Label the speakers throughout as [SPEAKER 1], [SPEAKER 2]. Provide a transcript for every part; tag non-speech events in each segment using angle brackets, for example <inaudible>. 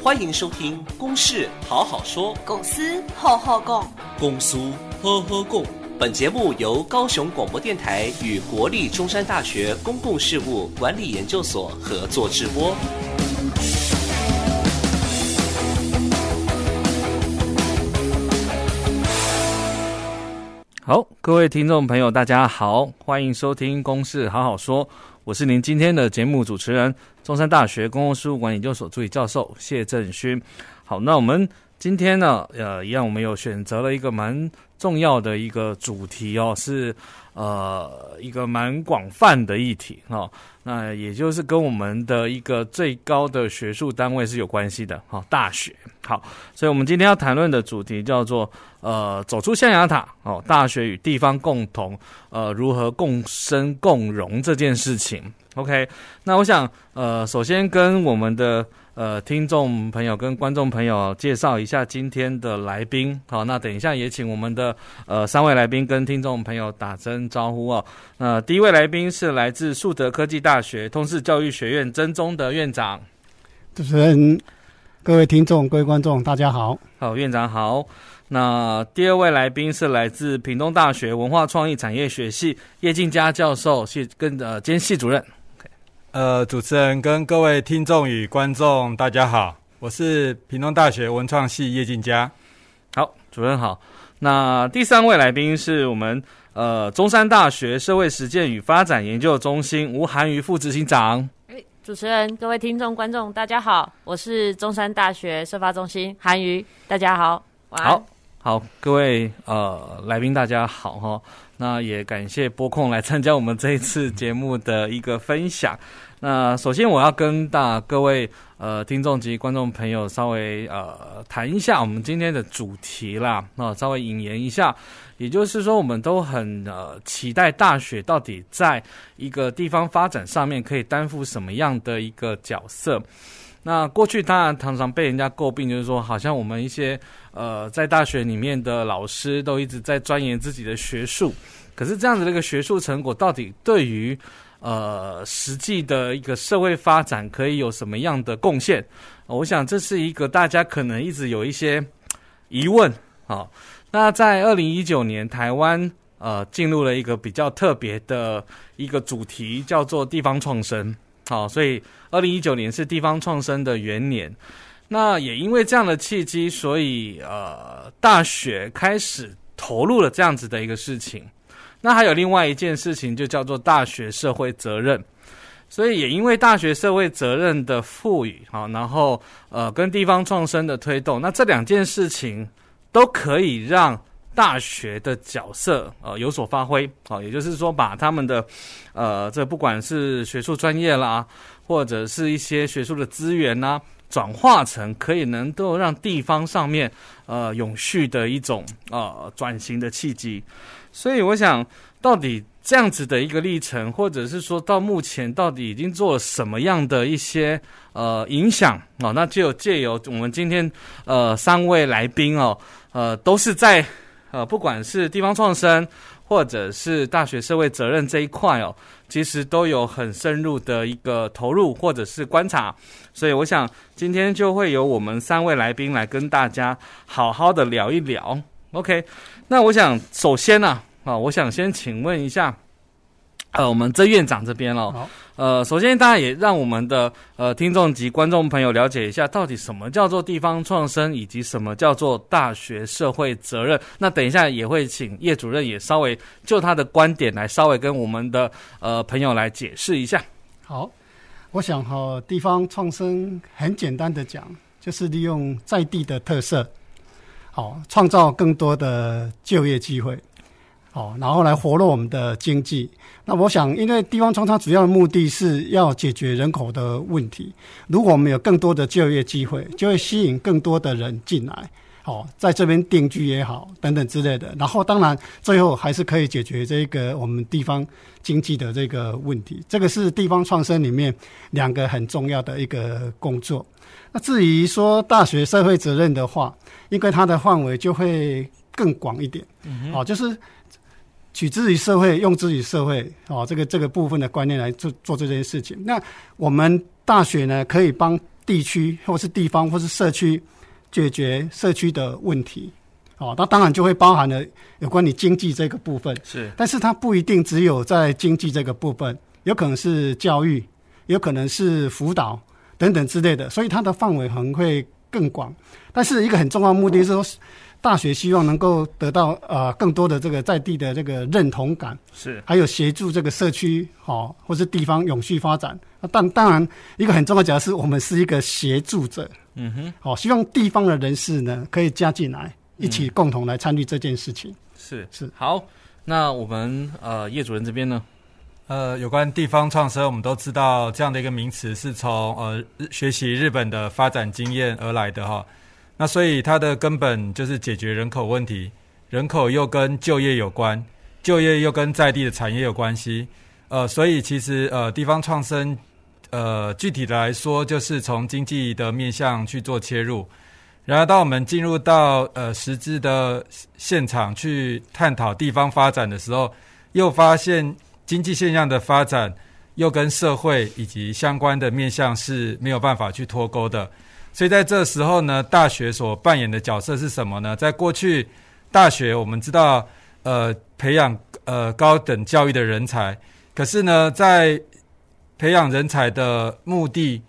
[SPEAKER 1] 歡迎收聽《公事好好說》，公司好好講，公私呵呵共。本節目由高雄廣播電臺與國立中山大學公共事務管理研究所合作直播。好，各位聽眾朋友，大家好，歡迎收聽《公事好好說》。我是您今天的節目主持人，中山大學公共事務管理研究所助理教授謝政勳。好，那我們。今天呢，呃，一樣我們又選擇了一個蠻重要的一個主題哦，是呃一個蠻廣泛的議題哈、哦。那也就是跟我們的一個最高的學術單位是有關係的哈、哦，大學。好，所以我們今天要談論的主題叫做呃，走出象牙塔哦，大學與地方共同呃如何共生共榮這件事情。OK，那我想呃，首先跟我們的。呃，聽眾朋友跟觀眾朋友介紹一下今天的來賓。好，那等一下也請我們的呃三位來賓跟聽眾朋友打聲招呼哦。那、呃、第一位來賓是來自樹德科技大學通識教育學院曾宗德院長。
[SPEAKER 2] 主持人，各位聽眾、各位觀眾，大家好。
[SPEAKER 1] 好，院長好。那第二位來賓是來自屏東大學文化創意產業學系葉晉嘉教授系，跟呃兼系主任。呃，主持人跟各位聽眾與
[SPEAKER 3] 觀眾，大家好，我是屏東大學文創系葉晉嘉。好，
[SPEAKER 1] 主任好。那第三位來賓是我們呃中山大學社會實踐與發展研究中心吳涵瑜副執行長。
[SPEAKER 4] 主持人、各位聽眾觀眾大家好，我是中山大學社發中心涵瑜，大家好，晚安。好，
[SPEAKER 1] 好，各位呃來賓大家好哈。那也感謝播控來參加我們這一次節目的一個分享。 <laughs> 那首先，我要跟大各位呃聽眾及觀眾朋友稍微呃談一下我們今天的主題啦，那、哦、稍微引言一下，也就是說，我們都很呃期待大學到底在一個地方發展上面可以擔負什麼樣的一個角色。那過去當然常常被人家詬病，就是說好像我們一些呃在大學裡面的老師都一直在鑽研自己的學術，可是這樣子的一個學術成果到底對於呃，實際的一個社會發展可以有什麼樣的貢獻？我想這是一個大家可能一直有一些疑問。好，哦，那在二零一九年，台灣呃進入了一個比較特別的一個主題，叫做地方創生。好，哦，所以二零一九年是地方創生的元年。那也因為這樣的契機，所以呃，大學開始投入了這樣子的一個事情。那還有另外一件事情，就叫做大學社會責任，所以也因為大學社會責任的賦予，啊，然後呃，跟地方創生的推動，那這兩件事情都可以讓大學的角色，呃，有所發揮，好，也就是說把他們的呃，這不管是學術專業啦，或者是一些學術的資源啦。轉化成可以能夠讓地方上面呃永續的一種呃轉型的契機，所以我想到底這樣子的一個歷程，或者是說到目前到底已經做了什麼樣的一些呃影響啊，哦，那就借由我們今天呃三位來賓哦，呃都是在呃不管是地方創生或者是大學社會責任這一塊哦，其實都有很深入的一個投入或者是觀察，所以我想今天就會由我們三位來賓來跟大家好好的聊一聊。OK，那我想首先呢，啊，啊，我想先請問一下。呃，我們曾院長這邊嘍、哦，好，呃，首先大家也讓我們的呃聽眾及觀眾朋友了解一下，到底什麼叫做地方創生，以及什麼叫做大學社會責任。那等一下也會請葉主任也稍微就他的觀點來稍微跟我們的呃朋友來解釋一下。
[SPEAKER 2] 好，我想哈、哦，地方創生很簡單的講，就是利用在地的特色，好，創造更多的就業機會。好，然後來活絡我們的經濟。那我想，因為地方創生，它主要的目的是要解決人口的問題。如果我們有更多的就業機會，就會吸引更多的人進來，好，在這邊定居也好，等等之類的。然後，當然，最後還是可以解決這個我們地方經濟的這個問題。這個是地方創生裡面兩個很重要的一個工作。那至於說大學社會責任的話，因為它的範圍就會更廣一點。嗯哼，好、哦，就是。取之於社會，用之於社會，哦，這個這個部分的觀念來做做這件事情。那我們大學呢，可以幫地區或是地方或是社區解決社區的問題，哦，那當然就會包含了有關於經濟這個部分。是，但是它不一定只有在經濟這個部分，有可能是教育，有可能是輔導等等之類的，所以它的範圍可能會更廣。但是一個很重要的目的是說。嗯大學希望能夠得到呃更多的這個在地的這個認同感，是，還有協助這個社區哈，或是地方永續發展。啊、但當然一個很重要的角色是我們是一個協助者，嗯
[SPEAKER 1] 哼，
[SPEAKER 2] 好，希望地方的人士呢可以加進來、嗯、一起共同來參與這件事情。
[SPEAKER 1] 是是好，那我們呃葉主任這邊呢，
[SPEAKER 3] 呃有關地方創生，我們都知道這樣的一個名詞是從呃學習日本的發展經驗而來的哈。那所以它的根本就是解決人口問題，人口又跟就業有關，就業又跟在地的產業有關係，呃，所以其實呃地方創生，呃，具體來說就是從經濟的面向去做切入，然而當我們進入到呃實質的現場去探討地方發展的時候，又發現經濟現象的發展又跟社會以及相關的面向是沒有辦法去脫鈎的。所以在這時候呢，大學所扮演的角色是什麼呢？在過去，大學我們知道，呃，培養呃高等教育的人才。可是呢，在培養人才的目的，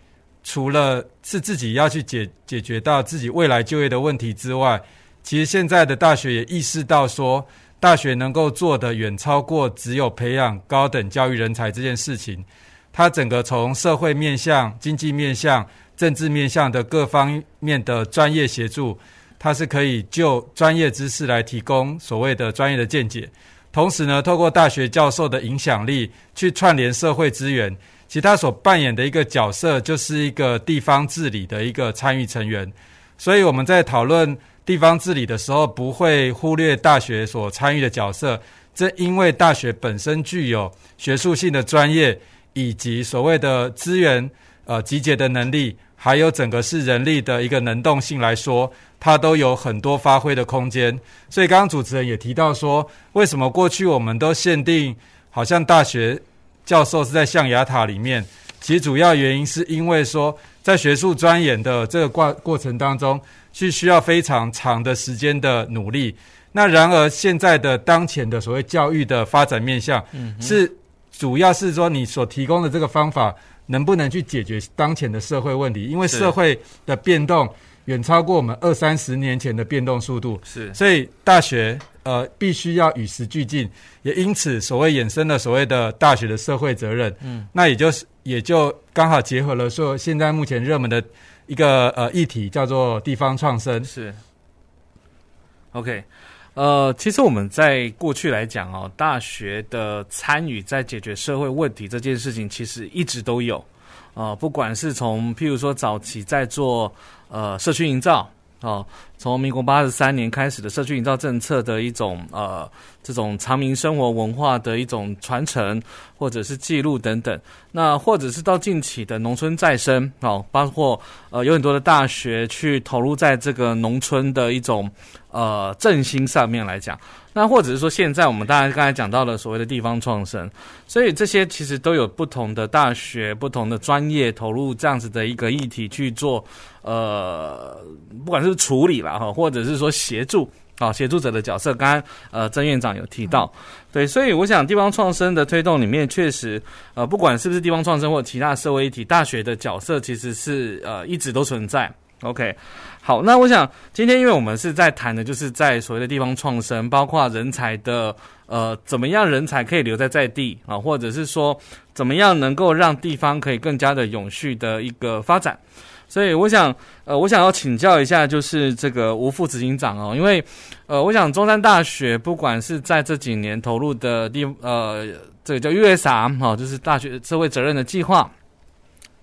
[SPEAKER 3] 除了是自己要去解解決到自己未來就業的問題之外，其實現在的大學也意識到說，大學能夠做的遠超過只有培養高等教育人才這件事情。它整個從社會面向、經濟面向。政治面向的各方面的專業協助，它是可以就專業知識來提供所謂的專業的見解。同時呢，透過大學教授的影響力去串聯社會資源，其他所扮演的一個角色就是一個地方治理的一個參與成員。所以我們在討論地方治理的時候，不會忽略大學所參與的角色，正因為大學本身具有學術性的專業以及所謂的資源呃集結的能力。還有整個是人力的一個能動性來說，它都有很多發揮的空間。所以剛剛主持人也提到說，為什麼過去我們都限定，好像大學教授是在象牙塔裡面？其實主要原因是因為說，在學術鑽研的這個過過程當中，是需要非常長的時間的努力。那然而現在的當前的所謂教育的發展面向，嗯，是主要是說你所提供的這個方法。能不能去解決當前的社會問題？因為社會的變動遠超過我們二三十年前的變動速度，是。所以大學呃必須要與時俱進，也因此所謂衍生了所謂的大學的社會責任。嗯。那也就是也就剛好結合了說現在目前熱門
[SPEAKER 1] 的一個呃議題，叫做地方創生。是。OK。呃，其實我們在過去來講哦，大學的參與在解決社會問題這件事情，其實一直都有啊，呃，不管是從譬如說早期在做呃社區營造哦。呃從民國八十三年開始的社區營造政策的一種呃，這種常民生活文化的一種傳承或者是記錄等等，那或者是到近期的農村再生哦，包括呃有很多的大學去投入在這個農村的一種呃振興上面來講，那或者是說現在我們大家剛才講到了所謂的地方創生，所以這些其實都有不同的大學、不同的專業投入這樣子的一個議題去做呃，不管是不是處理吧。啊，或者是說協助啊，協助者的角色，剛剛呃，曾院長有提到，嗯、對，所以我想地方創生的推動裡面，確實呃，不管是不是地方創生或其他社會議題，大學的角色其實是呃一直都存在。OK，好，那我想今天因為我們是在談的，就是在所謂的地方創生，包括人才的呃，怎麼樣人才可以留在在地啊，或者是說怎麼樣能夠讓地方可以更加的永續的一個發展。所以我想，呃，我想要請教一下，就是這個吳副執行長哦，因為，呃，我想中山大學不管是在這幾年投入的第，呃，這個叫 USR 哈，就是大學社會責任的計劃，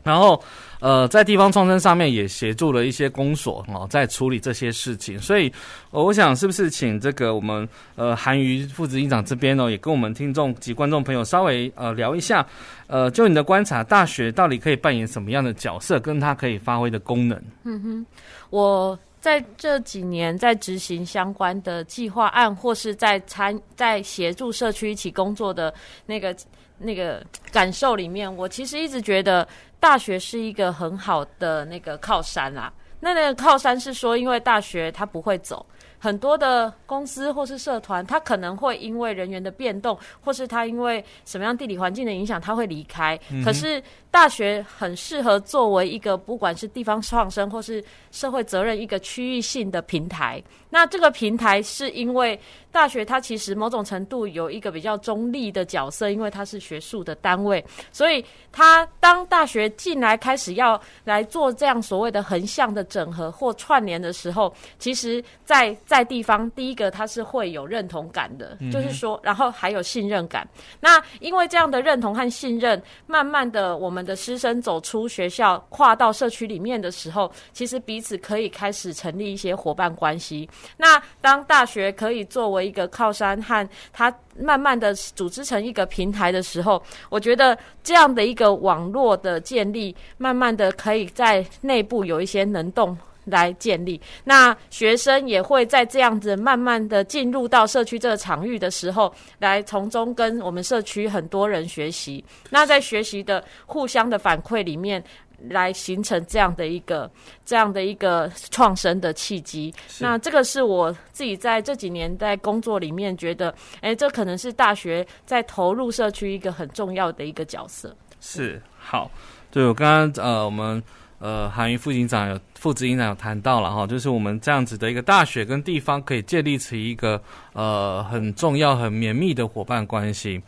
[SPEAKER 1] 然後。呃，在地方創生上面也協助了一些公所哦，在處理這些事情，所以、哦、我想是不是請這個我們呃涵瑜副執行長這邊呢、哦，也跟我們聽眾及觀眾朋友稍微呃聊一下，呃，就你的觀察，大學到底可以扮演什麼樣的角色，跟它可以發揮的功能？嗯
[SPEAKER 4] 哼，我在這幾年在執行相關的計劃案，或是在參在協助社區一起工作的那個，那個感受裡面，我其實一直覺得大學是一個很好的那個靠山啦、啊。那那個靠山是說，因為大學它不會走，很多的公司或是社團，它可能會因為人員的變動，或是它因為什麼樣地理環境的影響，它會離開。可是。大學很適合作為一個，不管是地方創生或是社會責任一個區域性的平台。那這個平台是因為大學它其實某種程度有一個比較中立的角色，因為它是學術的單位，所以它當大學進來開始要來做這樣所謂的橫向的整合或串聯的時候，其實在，在在地方第一個它是會有認同感的、嗯，就是說，然後還有信任感。那因為這樣的認同和信任，慢慢的我們。的師生走出學校，跨到社區裡面的時候，其實彼此可以開始成立一些夥伴關係。那當大學可以作為一個靠山，和他慢慢的組織成一個平台的時候，我覺得這樣的一個網絡的建立，慢慢的可以在內部有一些能動。來建立，那學生也會在這樣子慢慢的進入到社區這個場域的時候，來從中跟我們社區很多人學習。那在學習的互相的反饋裡面，來形成這樣的一個這樣的一個創生的契機。那這個是我自己在這幾年在工作裡面覺得，誒，這可能是大學在投入社區一個很重要的一個角色。是
[SPEAKER 1] 好，對我剛剛呃我們。呃，涵瑜副警長有副執行長有談到了哈，就是我們這樣子的一個大學跟地方可以建立起一個呃很重要、很綿密的夥伴關係。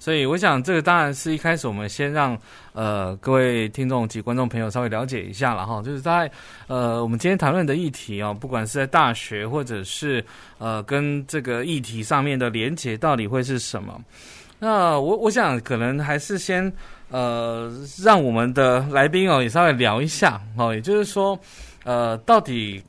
[SPEAKER 1] 所以，我想這個當然是一開始我們先讓呃各位聽眾及觀眾朋友稍微了解一下了哈，就是在呃我們今天談論的議題哦、啊，不管是在大學或者是呃跟這個議題上面的連結到底會是什麼，那我我想可能還是先。呃，讓我們的來賓哦也稍微聊一下哦，也就是說，呃，到底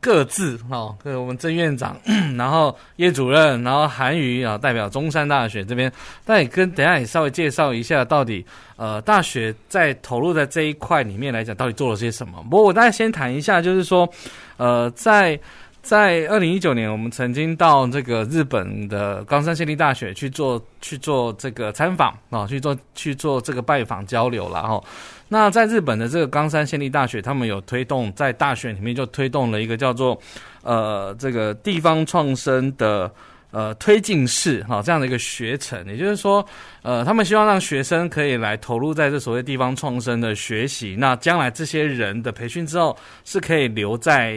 [SPEAKER 1] 各自哦，對我們曾院長、然後葉主任，然後涵瑜啊，代表中山大學這邊，也跟等下也稍微介紹一下到底呃大學在投入在這一塊裡面來講到底做了些什麼。不過我大概先談一下，就是說，呃，在。在二零一九年，我們曾經到這個日本的岡山縣立大學去做去做這個參訪啊、哦，去做去做這個拜訪交流了哈、哦。那在日本的這個岡山縣立大學，他們有推動在大學裡面就推動了一個叫做呃這個地方創生的。呃，推進式哈這樣的一個學程，也就是說，呃，他們希望讓學生可以來投入在這所謂地方創生的學習。那將來這些人的培訓之後，是可以留在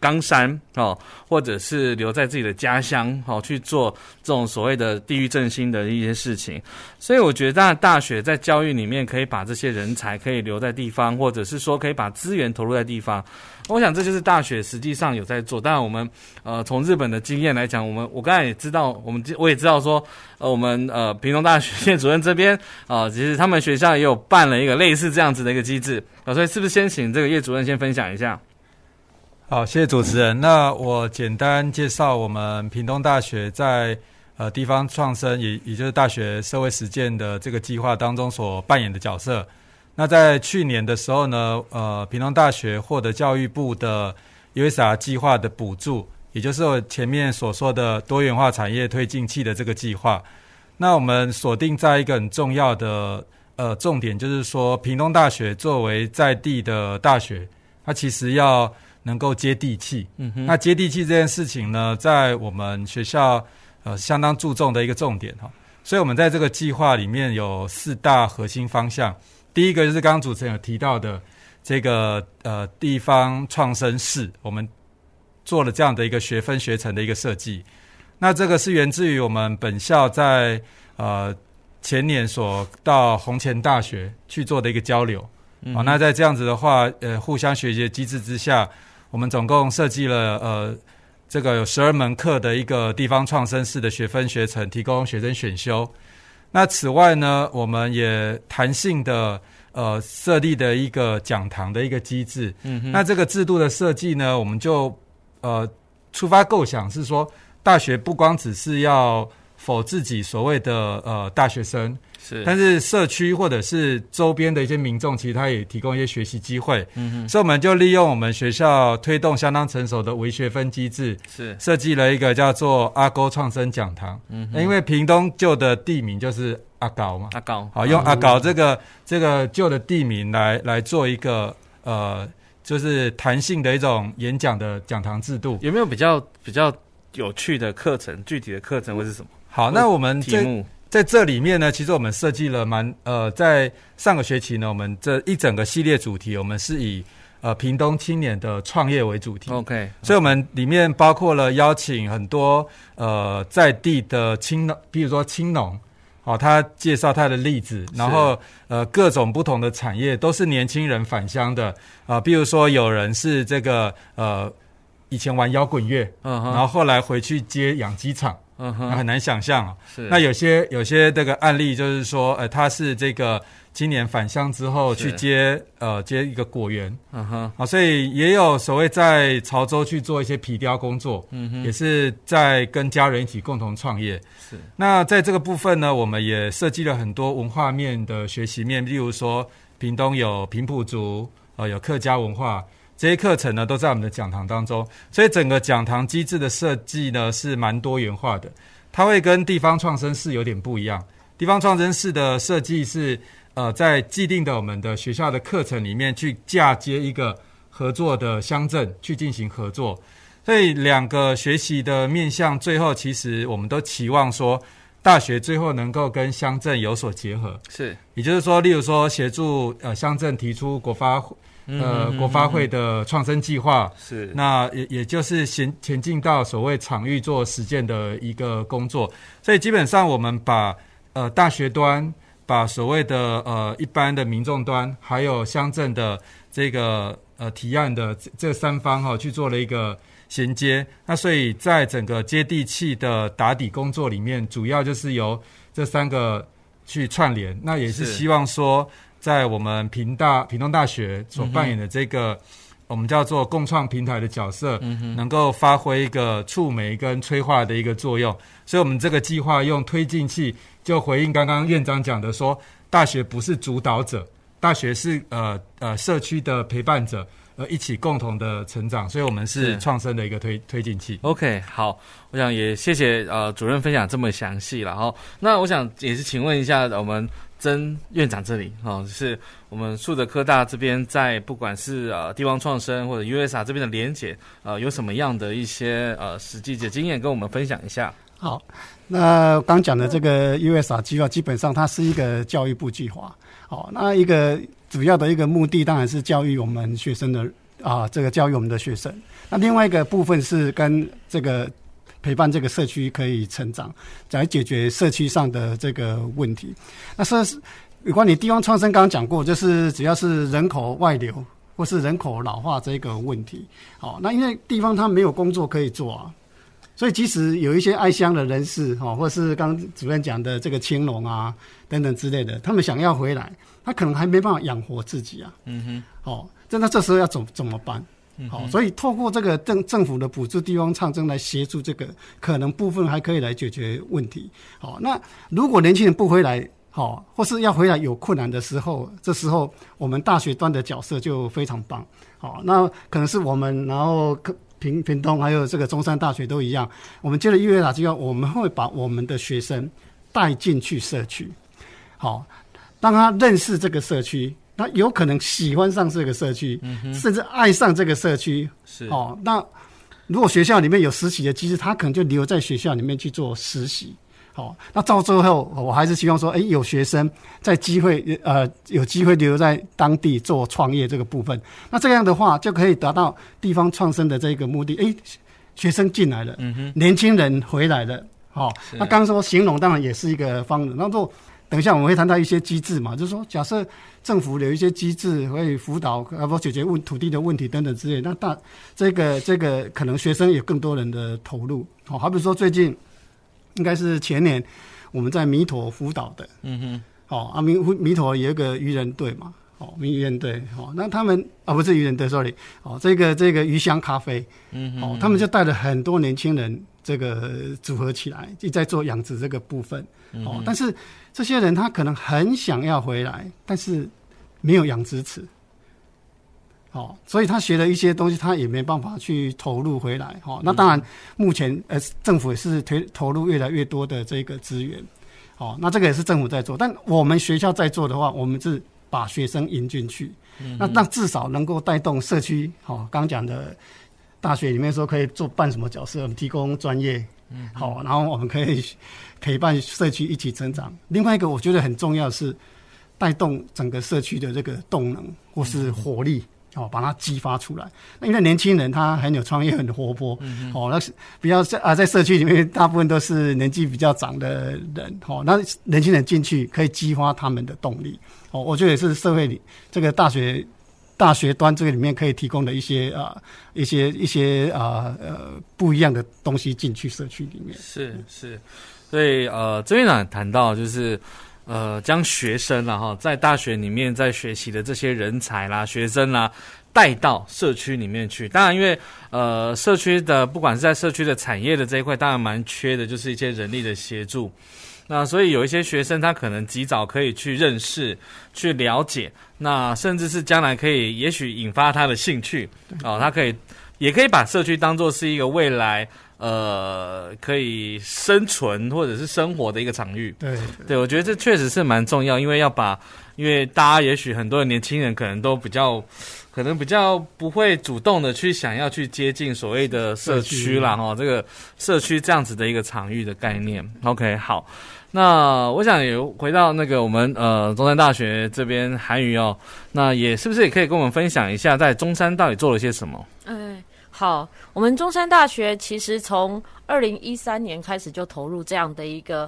[SPEAKER 1] 岡山哦，或者是留在自己的家鄉哦去做這種所謂的地域振興的一些事情。所以我覺得大學在教育裡面可以把這些人才可以留在地方，或者是說可以把資源投入在地方。我想這就是大學實際上有在做，當然我們呃從日本的經驗來講，我們我剛才也知道，我們我也知道說，呃我們呃屏東大學葉主任這邊啊、呃，其實他們學校也有辦了一個類似這樣子的一個機制啊、呃，所以是不是先請這個葉主任先分享一下？
[SPEAKER 3] 好，謝謝主持人。那我簡單介紹我們屏東大學在呃地方創生也也就是大學社會實踐的這個計劃當中所扮演的角色。那在去年的時候呢，呃，屏東大學獲得教育部的 USR 計劃的補助，也就是我前面所說的多元化產業推進器的這個計劃。那我們鎖定在一個很重要的呃重點，就是說屏東大學作為在地的大學，它其實要能夠接地氣。嗯哼。那接地氣這件事情呢，在我們學校呃相當注重的一個重點哈，所以我們在這個計劃裡面有四大核心方向。第一個就是剛剛主持人有提到的這個呃地方創生室，我們做了這樣的一個學分學程的一個設計。那這個是源自於我們本校在呃前年所到弘前大學去做的一個交流。好、嗯啊、那在這樣子的話，呃，互相學習的機制之下，我們總共設計了呃這個有十二門課的一個地方創生式的學分學程，提供學生選修。那此外呢，我們也彈性的呃設立了一個講堂的一個機制。嗯哼，那這個制度的設計呢，我們就呃出發構想是說，大學不光只是要。否自己所謂的呃大學生是，但是社區或者是周邊的一些民眾，其實他也提供一些學習機會。嗯哼，所以我們就利用我們學校推動相當成熟的微學分機制，是設計了一個叫做阿猴創生講堂。嗯哼，欸、因為屏東舊的地名就是阿猴
[SPEAKER 1] 嘛，阿猴，好，用阿猴這
[SPEAKER 3] 個這個舊的地名來來做一個呃，就是彈性的一種演講的講堂制度。有沒有比較比較有趣的課程？具體的課程會是什麼？好，那我們在目在這裡面呢，其實我們設計了蠻呃，在上個學期呢，我們這一整個系列主題，我們是以呃屏東青年的創業為主題。Okay, OK，所以我們裡面包括了邀請很多呃在地的青，比如說青農，好、呃，他介紹他的例子，然後呃各種不同的產業都是年輕人返鄉的啊、呃，比如說有人是這個呃以前玩搖滾樂，嗯、uh-huh.，然後後來回去接養雞場。 <laughs> 嗯哼，很難想象啊。是，那有些有些這個案例就是說，呃，他是這個今年返鄉之後去接呃接一個果園，嗯哼，啊，所以也有所謂在潮州去做一些皮雕工作，嗯哼，也是在跟家人一起共同創業。是、Uh-huh，那在這個部分呢，我們也設計了很多文化面的學習面，例如說屏東有平埔族，呃，有客家文化。這些課程呢，都在我們的講堂當中，所以整個講堂機製的設計呢，是蠻多元化的。它會跟地方創生式有點不一樣。地方創生式的設計是，呃，在既定的我們的學校的課程裡面去嫁接一個合作的鄉鎮去進行合作。所以兩個學習的面向，最後其實我們都期望說，大學最後能夠跟鄉鎮有所結合。是，也就是說，例如說協助呃鄉鎮提出國發。呃、嗯哼哼哼，國發會的創生計劃是，那也也就是前前進到所謂場域做實踐的一個工作，所以基本上我們把呃大學端、把所謂的呃一般的民眾端，還有鄉鎮的這個呃提案的這三方哈、啊、去做了一個銜接，那所以在整個接地氣的打底工作裡面，主要就是由這三個去串聯，那也是希望說。在我們屏大屏東大學所扮演的這個我們叫做共創平台的角色，嗯，能夠發揮一個觸媒跟催化的一個作用。所以，我們這個計劃用推進器，就回應剛剛院長講的，說大學不是主導者，大學是呃呃社區的陪伴者。呃，一起共同的成長，所以我們是創生的一個推推進器。
[SPEAKER 1] OK，好，我想也謝謝呃主任分享這麼詳細了哦。那我想也是請問一下我們曾院長這裡哈，哦就是我們樹德科大這邊在不管是呃地方創生或者 USR 這邊的聯結，呃有什麼樣的一些呃實際的經驗跟我們分享一下？好，
[SPEAKER 2] 那剛講的這個 USR 計劃基本上它是一個教育部計劃。好，那一個主要的一個目的當然是教育我們學生的啊，這個教育我們的學生。那另外一個部分是跟這個陪伴這個社區可以成長，來解決社區上的這個問題。那說有關你地方創生剛剛講過，就是只要是人口外流或是人口老化這個問題，好，那因為地方它沒有工作可以做啊。所以，即使有一些愛鄉的人士，哈，或者是剛主任講的這個青龍啊等等之類的，他們想要回來，他可能還沒辦法養活自己啊。嗯哼。好、哦，真的，這時候要怎怎麼辦？好、嗯哦，所以透過這個政政府的補助地方創生來協助這個，可能部分還可以來解決問題。好、哦，那如果年輕人不回來，好、哦，或是要回來有困難的時候，這時候我們大學端的角色就非常棒。好、哦，那可能是我們，然後屏東還有這個中山大學都一樣，我們接了育樂達機構，我們會把我們的學生帶進去社區，好、哦，當他認識這個社區，他有可能喜歡上這個社區、嗯，甚至愛上這個社區。是哦，那如果學校裡面有實習的機制，他可能就留在學校裡面去做實習。好、哦，那到最後，我還是希望說，誒，有學生在機會，呃，有機會留在當地做創業這個部分。那這樣的話，就可以達到地方創生的這個目的。誒，學生進來了，嗯哼，年輕人回來了。好、哦啊，那剛剛說，形容當然也是一個方的。那等一下我們會談到一些機制嘛，就是說，假設政府有一些機制會輔導，不解決問土地的問題等等之類。那大這個這個可能學生有更多人的投入。好、哦，好比如說最近。應該是前年，我們在彌陀輔導的。嗯哼。哦、啊，阿彌米陀有一個漁人隊嘛。哦，漁人隊。哦，那他們啊，不是漁人隊，sorry。哦，這個這個魚香咖啡。嗯哼。哦，他們就帶了很多年輕人，這個組合起來，就在做養殖這個部分、
[SPEAKER 4] 嗯。哦，但
[SPEAKER 2] 是這些人他可能很想要回來，但是沒有養殖池。哦，所以他學的一些東西，他也沒辦法去投入回來。哈、哦，那當然，目前呃，政府也是推投入越來越多的這個資源。哦，那這個也是政府在做，但我們學校在做的話，我們是把學生引進去。那、嗯、那至少能夠帶動社區。哈、哦，剛講的大學裡面說可以做扮什麼角色，我們提供專業。嗯。好、哦，然後我們可以陪伴社區一起成長。另外一個我覺得很重要是帶動整個社區的這個動能或是活力。嗯哦、把它激發出來。那因為年輕人他很有創意，很活潑、嗯。哦，那是比較在啊，在社區裡面，大部分都是年紀比較長的人。哈、哦，那年輕人進去可以激發他們的動力。哦，我覺得也是社會裡這個大學大學端這個裡面可以提供的一些啊、呃，一些一些啊呃,呃不一樣的東西進去社區裡面。是
[SPEAKER 1] 是，所以呃，曾院長談到就是。呃，將學生啦、啊、哈，在大學裡面在學習的這些人才啦、啊、學生啦、啊，帶到社區裡面去。當然，因為呃，社區的不管是在社區的產業的這一塊，當然蠻缺的，就是一些人力的協助。那所以有一些學生，他可能及早可以去認識、去了解，那甚至是將來可以，也許引發他的興趣哦。他可以，也可以把社區當作是一個未來。呃，可以生存或者是生活的一個場域，對對，我覺得這確實是蠻重要，因為要把，因為大家也許很多的年輕人可能都比較，可能比較不會主動的去想要去接近所謂的社區啦，哈，這個社區這樣子的一個場域的概念。OK，好，那我想也回到那個我們呃中山大學這邊涵瑜哦，那也是不是也可以跟我們分享一下在中山到底做了些什麼？嗯、
[SPEAKER 4] okay.。好，我們中山大學其實從二零一三年開始就投入這樣的一個，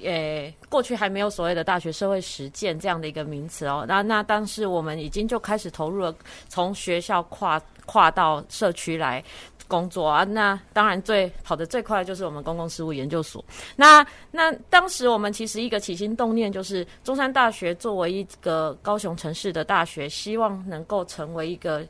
[SPEAKER 4] 誒、欸，過去還沒有所謂的大學社會實踐這樣的一個名詞哦。那那當時我們已經就開始投入了，從學校跨跨到社區來工作啊。那當然最跑得最快就是我們公共事務研究所。那那當時我們其實一個起心動念就是，中山大學作為一個高雄城市的大學，希望能夠成為一個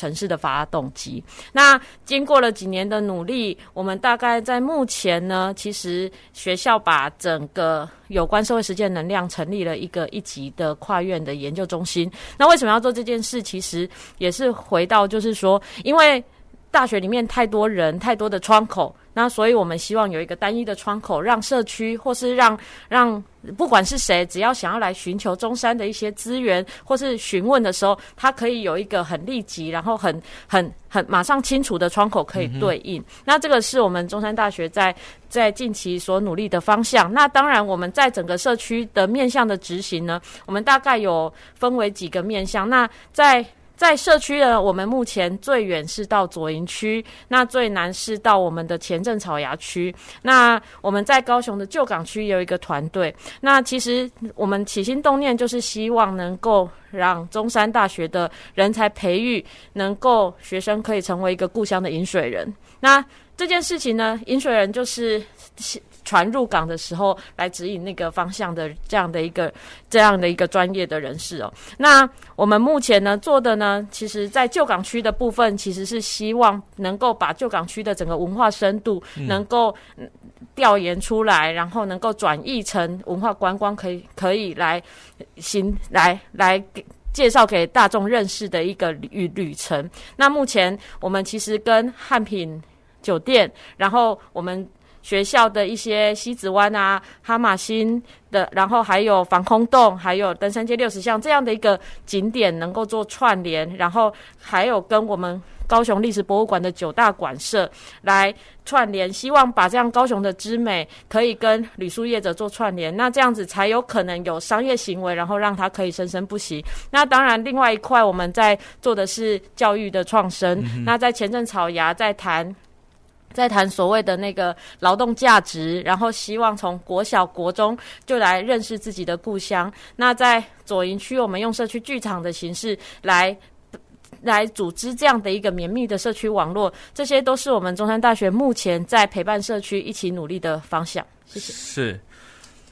[SPEAKER 4] 城市的發動機。那經過了幾年的努力，我們大概在目前呢，其實學校把整個有關社會實踐能量成立了一個一級的跨院的研究中心。那為什麼要做這件事？其實也是回到，就是說，因為。大學裡面太多人，太多的窗口，那所以我們希望有一個單一的窗口，讓社區或是讓讓不管是誰，只要想要來尋求中山的一些資源或是詢問的時候，他可以有一個很立即，然後很、很、很、很馬上清楚的窗口可以對應。嗯、那這個是我們中山大學在在近期所努力的方向。那當然我們在整個社區的面向的執行呢，我們大概有分為幾個面向。那在在社區呢，我們目前最遠是到左營區，那最南是到我們的前鎮草衙區。那我們在高雄的舊港區有一個團隊。那其實我們起心動念就是希望能夠讓中山大學的人才培育，能夠學生可以成為一個故鄉的飲水人。那這件事情呢，飲水人就是。船入港的時候，來指引那個方向的這樣的一個這樣的一個專業的人士哦。那我們目前呢做的呢，其實，在舊港區的部分，其實是希望能夠把舊港區的整個文化深度能夠調研出來，嗯、然後能夠轉譯成文化觀光可，可以可以來行來來介紹給大眾認識的一個旅旅程。那目前我們其實跟漢品酒店，然後我們。學校的一些西子灣啊、哈瑪星的，然後還有防空洞，還有登山街六十巷這樣的一個景點，能夠做串聯，然後還有跟我們高雄歷史博物館的九大館舍來串聯，希望把這樣高雄的之美可以跟旅宿業者做串聯，那這樣子才有可能有商業行為，然後讓它可以生生不息。那當然，另外一塊我們在做的是教育的創生，嗯、那在前鎮草衙在談。在談所謂的那個勞動價值，然後希望從國小、國中就來認識自己的故鄉。那在左營區，我們用社區劇場的形式來來組織這樣的一個綿密的社區網絡，這些都是我們中山大學目前在陪伴社區一起努力的方向，謝謝。
[SPEAKER 1] 是，誒、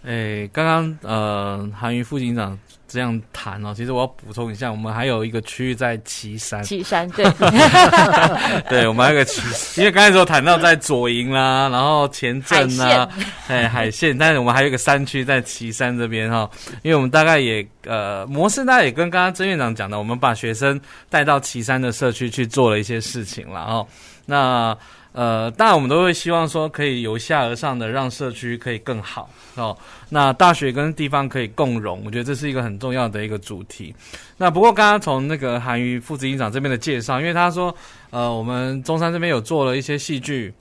[SPEAKER 1] 欸，剛剛呃，涵瑜副執行長，這樣談哦，其實我要補充一下，我們還有一個區域在旗山。旗山對， <laughs> <laughs> <laughs> 對，我們還有一個旗山，因為剛才說談到在左營啦，然後前鎮啦，哎，海線， <laughs> 但是我們還有一個山區在旗山這邊哈、哦，因為我們大概也呃模式，大概也跟剛剛曾院長講的，我們把學生帶到旗山的社區去做了一些事情了哦，那。呃，當然我們都會希望說，可以由下而上的讓社區可以更好哦。那大學跟地方可以共榮，我覺得這是一個很重要的一個主題。那不過剛剛從那個涵瑜副執行長這邊的介紹，因為他說，呃，我們中山這邊有做了一些戲劇，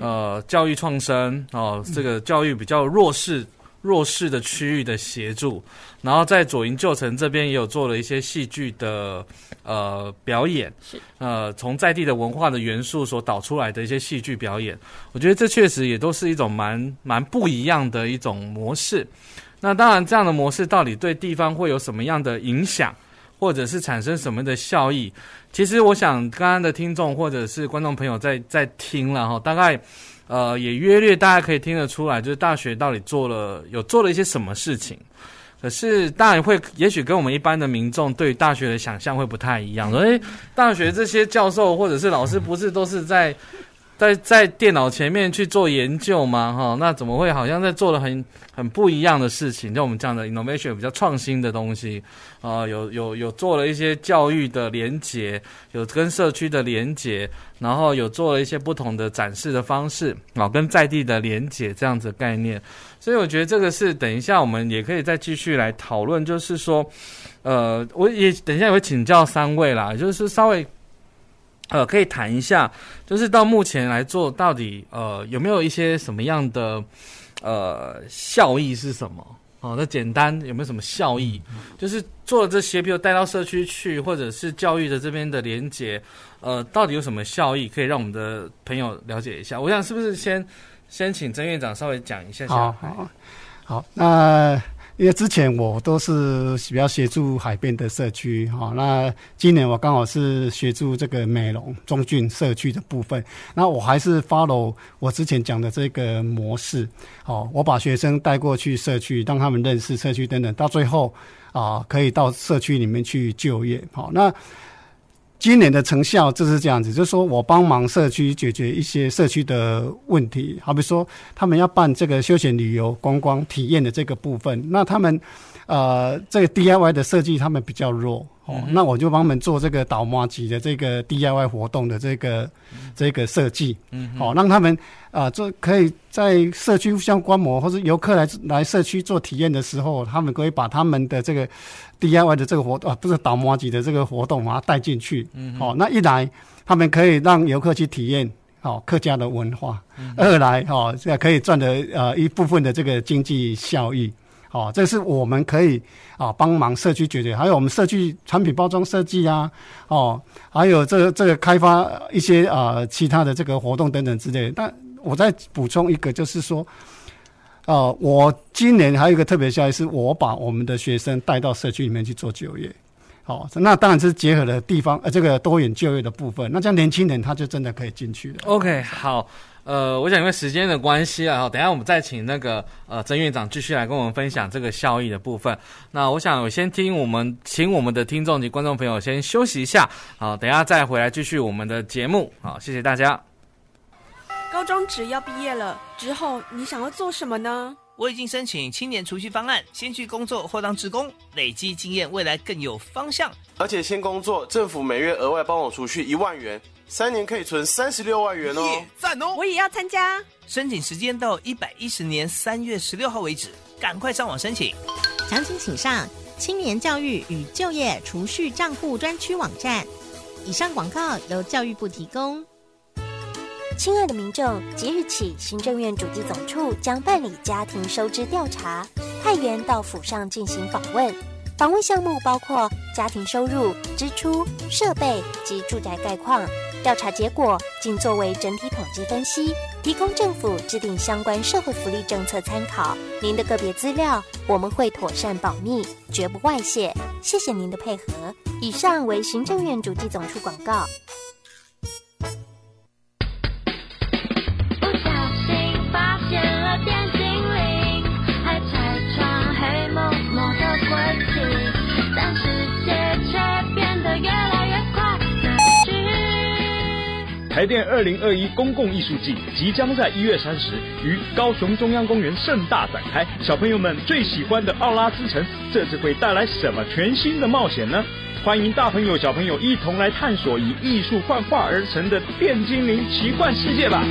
[SPEAKER 1] 呃，教育創生哦，這個教育比較弱勢。弱勢的區域的協助，然後在左營舊城這邊也有做了一些戲劇的呃表演，是呃從在地的文化的元素所導出來的一些戲劇表演，我覺得這確實也都是一種蠻蠻不一樣的一種模式。那當然，這樣的模式到底對地方會有什麼樣的影響，或者是產生什麼的效益？其實，我想剛剛的聽眾或者是觀眾朋友在在聽了哈，大概。呃，也約略大家可以聽得出來，就是大學到底做了有做了一些什麼事情。可是，當然會，也許跟我們一般的民眾對於大學的想象會不太一樣。所以，大學這些教授或者是老師，不是都是在。在在電腦前面去做研究嘛，哈、哦，那怎麼會好像在做了很很不一樣的事情？就我們這樣的 innovation 比較創新的東西，啊，有有有做了一些教育的連結，有跟社區的連結，然後有做了一些不同的展示的方式，啊，跟在地的連結這樣子的概念。所以我覺得這個是等一下我們也可以再繼續來討論，就是說，呃，我也等一下也會請教三位啦，就是稍微。呃，可以談一下，就是到目前來做到底，呃，有沒有一些什麼樣的，呃，效益是什麼？好、呃、那簡單有沒有什麼效益？嗯、就是做了這些，比如帶到社區去，或者是教育的這邊的連接，呃，到底有什麼效益，可以讓我們的朋友了解一下？我想是不是先先請曾院長稍微講一下下？好、哎，
[SPEAKER 2] 好，那。因為之前我都是比較協助海邊的社區，哈，那今年我剛好是協助這個美濃中郡社區的部分，那我還是 follow 我之前講的這個模式，好，我把學生帶過去社區，讓他們認識社區等等，到最後啊，可以到社區裡面去就業，那。今年的成效就是這樣子，就是說我幫忙社區解決一些社區的問題，好比說他們要辦這個休閒旅遊觀光體驗的這個部分，那他們，呃，這個 DIY 的設計他們比較弱。那我就幫他們做這個搗麻糬的這個 DIY 活動的這個這個設計，嗯，好，讓他們啊做，呃、就可以在社區互相觀摩，或者遊客來來社區做體驗的時候，他們可以把他們的這個 DIY 的這個活動啊，不是搗麻糬的這個活動把它帶進去，嗯，好、哦，那一來他們可以讓遊客去體驗好、哦、客家的文化，嗯、二來哈、哦，可以賺得呃一部分的這個經濟效益。哦，這是我們可以啊幫忙社區解決，還有我們社區產品包裝設計啊，哦，還有這個、這個開發一些啊、呃、其他的這個活動等等之類的。但我再補充一個，就是說，哦、呃，我今年還有一個特別消息，是我把我們的學生帶到社區裡面去做就業。好、哦，那當然是結合了地方呃這個多元就業的部分，那這樣年輕人他就真的可以進去了。
[SPEAKER 1] OK，好。呃，我想因為時間的關係啊，等下我們再請那個呃曾院長繼續來跟我們分享這個效益的部分。那我想我先聽我們請我們的聽眾及觀眾朋友先休息一下，好、啊，等下再回來繼續我們的節目。好、啊，謝謝大家。
[SPEAKER 4] 高中職要畢業了之後，你想要做什麼呢？我已經申請青年儲蓄方案，先去工作或當職工，累積經驗，未來更有方向。
[SPEAKER 1] 而且先工作，政府每月額外幫我儲
[SPEAKER 2] 蓄一萬元。三年可以存三十六萬元哦！
[SPEAKER 4] 讚哦！我也要參加。申請時間到一百一十年三月十六號為止，趕快上網申請。詳情請上青年教育與就業儲蓄賬戶專區網站。以上廣告由教育部提供。親愛的民眾，即日起，行政院主計總處將辦理家庭收支調查，派員到府上進行訪問。訪問項目包括家庭收入、支出、設備及住宅概況。調查結果僅作為整體統計分析，提供政府制定相關社會福利政策參考。您的個別資料我們會妥善保密，絕不外泄。謝謝您的配合。以上為行政院主計總處廣告。
[SPEAKER 1] 台電二零二一公共藝術季即將在一月三十日於高雄中央公園盛大展開，小朋友們最喜歡的奧拉之城，這次會帶來什麼全新的冒險呢？歡迎大朋友小朋友一同來探索以藝術幻化而成的電精靈奇幻世界吧！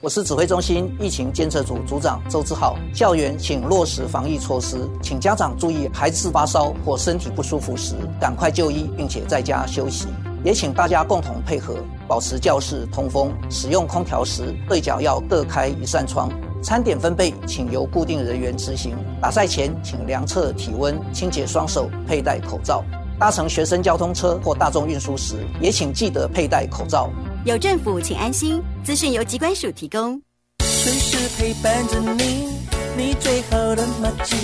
[SPEAKER 3] 我是指揮中心疫情監測組組長周志浩。校園請落實防疫措施，請家長注意，孩子發燒或身體不舒服時，趕快就醫，並且在家休息。也請大家共同配合，保持教室通風。使用空調時，對角要各開一扇窗。餐點分配請由固定人員執行。
[SPEAKER 1] 打賽前，請量測體溫、清潔雙手、佩戴口罩。搭乘學生交通車或大眾運輸時，也請記得佩戴口罩。
[SPEAKER 4] 有政府，請安心。資訊由疾管署提供。隨時陪伴着你，你最好的麻吉。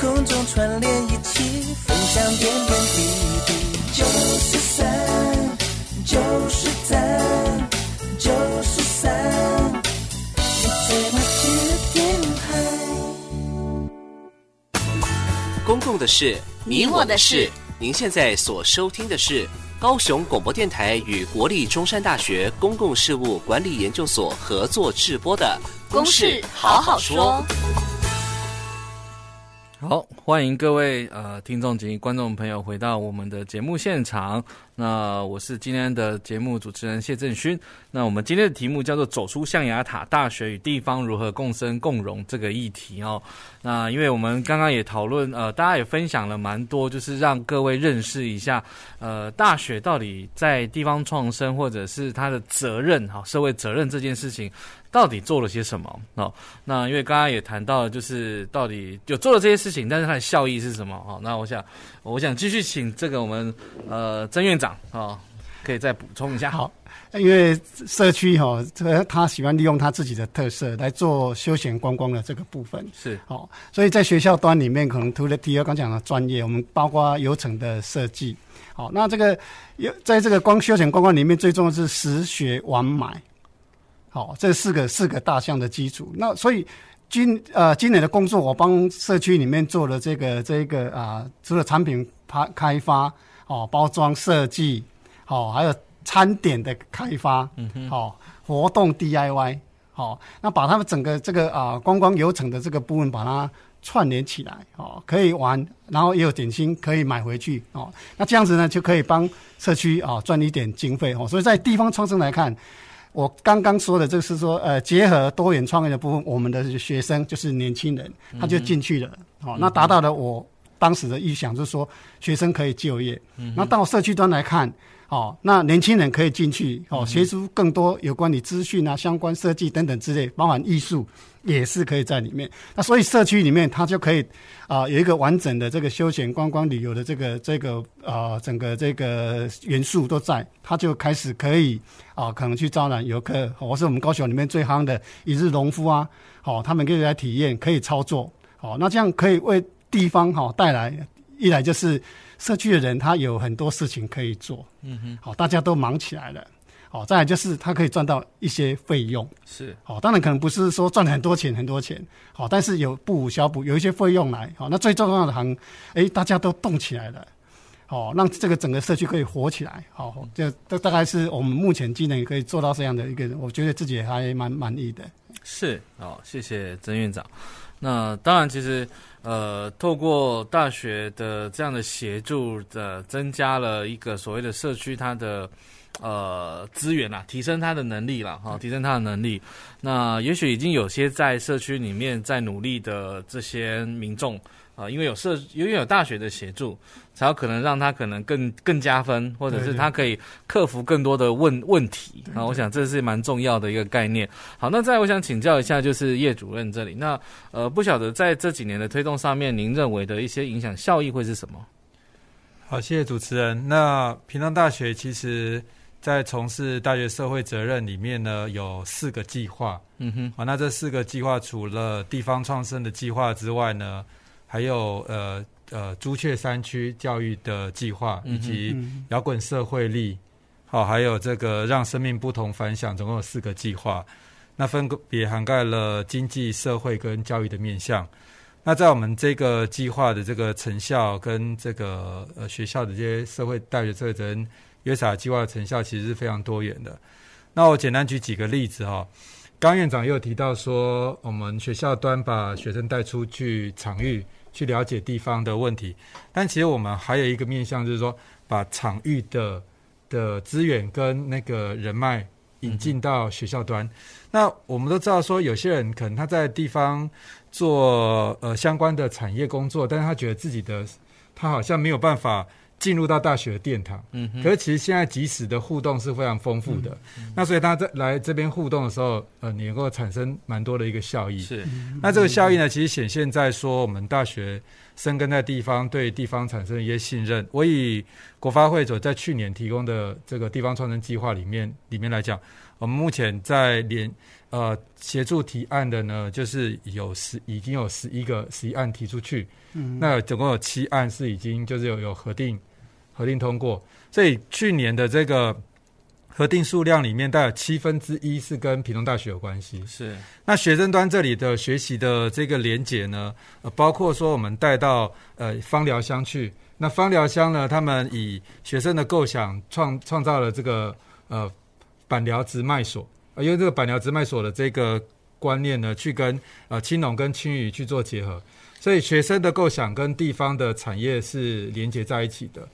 [SPEAKER 4] 空中串聯一起，分享點點滴滴。九四三，九四三，
[SPEAKER 1] 九四三。你最麻吉的
[SPEAKER 3] 電台。
[SPEAKER 1] 公共的事，你我的事。您現在所收聽的是。高雄廣播電台與國立中山大學公共事務管理研究所合作製播的《公事好好說》。好，歡迎各位呃聽眾及觀眾朋友回到我們的節目現場。那我是今天的節目主持人謝政勳。那我們今天的題目叫做“走出象牙塔：大學與地方如何共生共榮”這個議題哦。那因為我們剛剛也討論，呃，大家也分享了蠻多，就是讓各位認識一下，呃，大學到底在地方創生或者是它的責任哈、哦，社會責任這件事情。到底做了些什麼？哦，那因為剛剛也談到，就是到底就做了這些事情，但是它的效益是什麼？哦，那我想，我想繼續請這個我們呃曾院長啊、哦，可以再補充一下。好，
[SPEAKER 2] 因為社區哈、哦，這個他喜歡利用他自己的特色來做休閒觀光的這個部分是好、哦，所以在學校端裡面可能除了第二剛講的專業，我們包括遊程的設計好，那這個又在這個光休閒觀光裡面最重要的是實學完買。好，這四個四個大項的基礎。那所以今呃今年的工作，我幫社區裡面做了這個這個啊、呃，除了產品開開發，哦，包裝設計，好、哦，還有餐點的開發，嗯好、哦，活動 DIY，好、哦，那把他們整個這個啊、呃、觀光遊程的這個部分把它串聯起來，哦，可以玩，然後也有點心可以買回去，哦，那這樣子呢就可以幫社區啊、哦、賺一點經費哦，所以在地方創生來看。我剛剛說的，就是說，呃，結合多元創業的部分，我們的學生就是年輕人，他就進去了，好、嗯哦，那達到了我當時的預想，就是說學生可以就業、嗯。那到社區端來看，哦，那年輕人可以進去，哦，嗯、學出更多有關於資訊啊、相關設計等等之類，包含藝術。也是可以在裡面，那所以社區裡面他就可以啊、呃、有一個完整的這個休閒觀光旅遊的這個這個啊、呃、整個這個元素都在，他就開始可以啊、呃、可能去招攬遊客，我是我們高雄裡面最夯的一日農夫啊，好、哦，他們可以來體驗，可以操作，好、哦，那這樣可以為地方哈帶、呃、來，一來就是社區的人他有很多事情可以做，嗯哼，好，大家都忙起來了。好，再來就是他可以賺到一些費用，是好，當然可能不是說賺很，很多錢，很多錢好，但是有不無小補，有一些費用來好，那最重要的還，哎、欸，大家都動起來了，好，讓這個整個社區可以活起來，好，這這大概是我們目前技能也可以做到這樣的一個，我覺得自己還蠻滿意的。
[SPEAKER 1] 是好、哦，謝謝曾院長。那當然，其實呃，透過大學的這樣的協助的、呃，增加了一個所謂的社區，它的。呃，資源啦，提升他的能力啦。哈、哦，提升他的能力。那也許已經有些在社區裡面在努力的這些民眾啊、呃，因為有社，因為有大學的協助，才有可能讓他可能更更加分，或者是他可以克服更多的問問題。然後我想這是蠻重要的一個概念。對對對，好，那再我想請教一下，就是葉主任這裡，那呃，不曉得在這幾年的推動上面，您認為的一些影響效益會是什麼？
[SPEAKER 3] 好，謝謝主持人。那屏東大學其實。在從事大學社會責任裡面呢，有四個計劃。嗯哼，好、啊，那這四個計劃除了地方創生的計劃之外呢，還有呃呃，朱雀山區教育的計劃，以及搖滾社會力，好、嗯啊，還有這個讓生命不同凡響，總共有四個計劃。那分別涵蓋了經濟社會跟教育的面向。那在我們這個計劃的這個成效跟這個呃學校的這些社會大學社會責任。USR 計畫的成效其實是非常多元的。那我簡單舉幾個例子哈、哦。剛院長又提到說，我們學校端把學生帶出去場域去了解地方的問題，但其實我們還有一個面向，就是說把場域的的資源跟那個人脈引進到學校端。嗯、那我們都知道說，有些人可能他在地方做呃相關的產業工作，但是他覺得自己的他好像沒有辦法。進入到大學的殿堂，嗯哼，可是其實現在即時的互動是非常豐富的，嗯，那所以他在來這邊互動的時候，呃，你能夠產生蠻多的一個效益，是，那這個效益呢，嗯、其實顯現在說我們大學生根在地方，對地方產生一些信任。我以國發會所，在去年提供的這個地方創生計劃裡面，裡面來講，我們目前在聯呃協助提案的呢，就是有十已經有十一個十一案提出去，嗯、那總共有七案是已經就是有有核定。核定通過，所以去年的這個核定數量裡面，大約七分之一是跟屏東大學有關係。是那學生端這裡的學習的這個連結呢，包括說我們帶到呃枋寮鄉去，那枋寮鄉呢，他們以學生的構想創創造了這個呃枋寮直賣所，啊，因為這個枋寮直賣所的這個觀念呢，去跟呃青農跟青旅去做結合，所以學生的構想跟地方的產業是連結在一起的。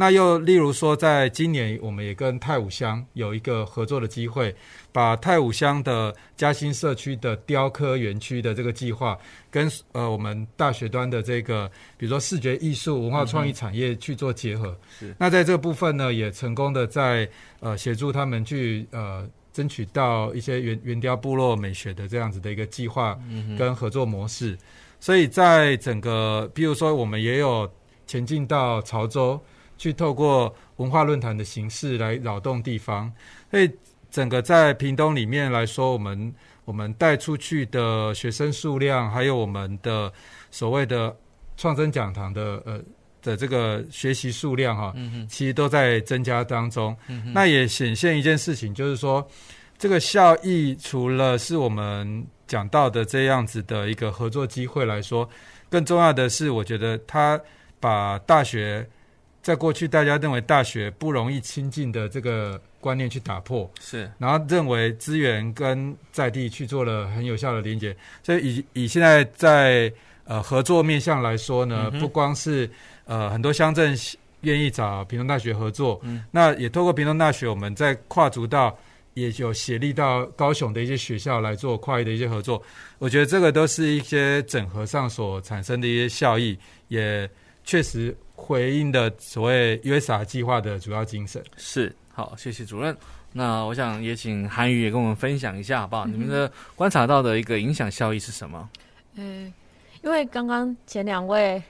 [SPEAKER 3] 那又例如說，在今年我們也跟泰武鄉有一個合作的機會，把泰武鄉的嘉興社區的雕刻園區的這個計劃，跟呃我們大學端的這個，比如說視覺藝術文化創意產業去做結合，嗯。是。那在這個部分呢，也成功的在呃協助他們去呃爭取到一些原原雕部落美學的這樣子的一個計劃，跟合作模式。所以在整個，比如說我們也有前進到潮州。去透過文化論壇的形式來擾動地方，所以整個在屏東裡面來說，我們我們帶出去的學生數量，還有我們的所謂的創生講堂的呃的這個學習數量哈，嗯嗯，其實都在增加當中。那也顯現一件事情，就是說這個效益除了是我們講到的這樣子的一個合作機會來說，更重要的是，我覺得他把大學。在過去，大家認為大學不容易親近的這個觀念去打破，是，然後認為資源跟在地去做了很有效的連結。所以，以，以以現在在呃合作面向來說呢，嗯、不光是呃很多鄉鎮願意找屏東大學合作，嗯，那也透過屏東大學，我們在跨足到也就協力到高雄的一些學校來做跨域的一些合作。我覺得這個都是一些整合上所產生的一些效益，也。確實回應的所謂約 a 計劃
[SPEAKER 1] 的主要精神是。好，謝謝主任。那我想也請韓瑜也跟我們分享一下好不好？嗯、你們的觀察到的一個影響效益是什麼？嗯，
[SPEAKER 4] 因為剛剛前兩位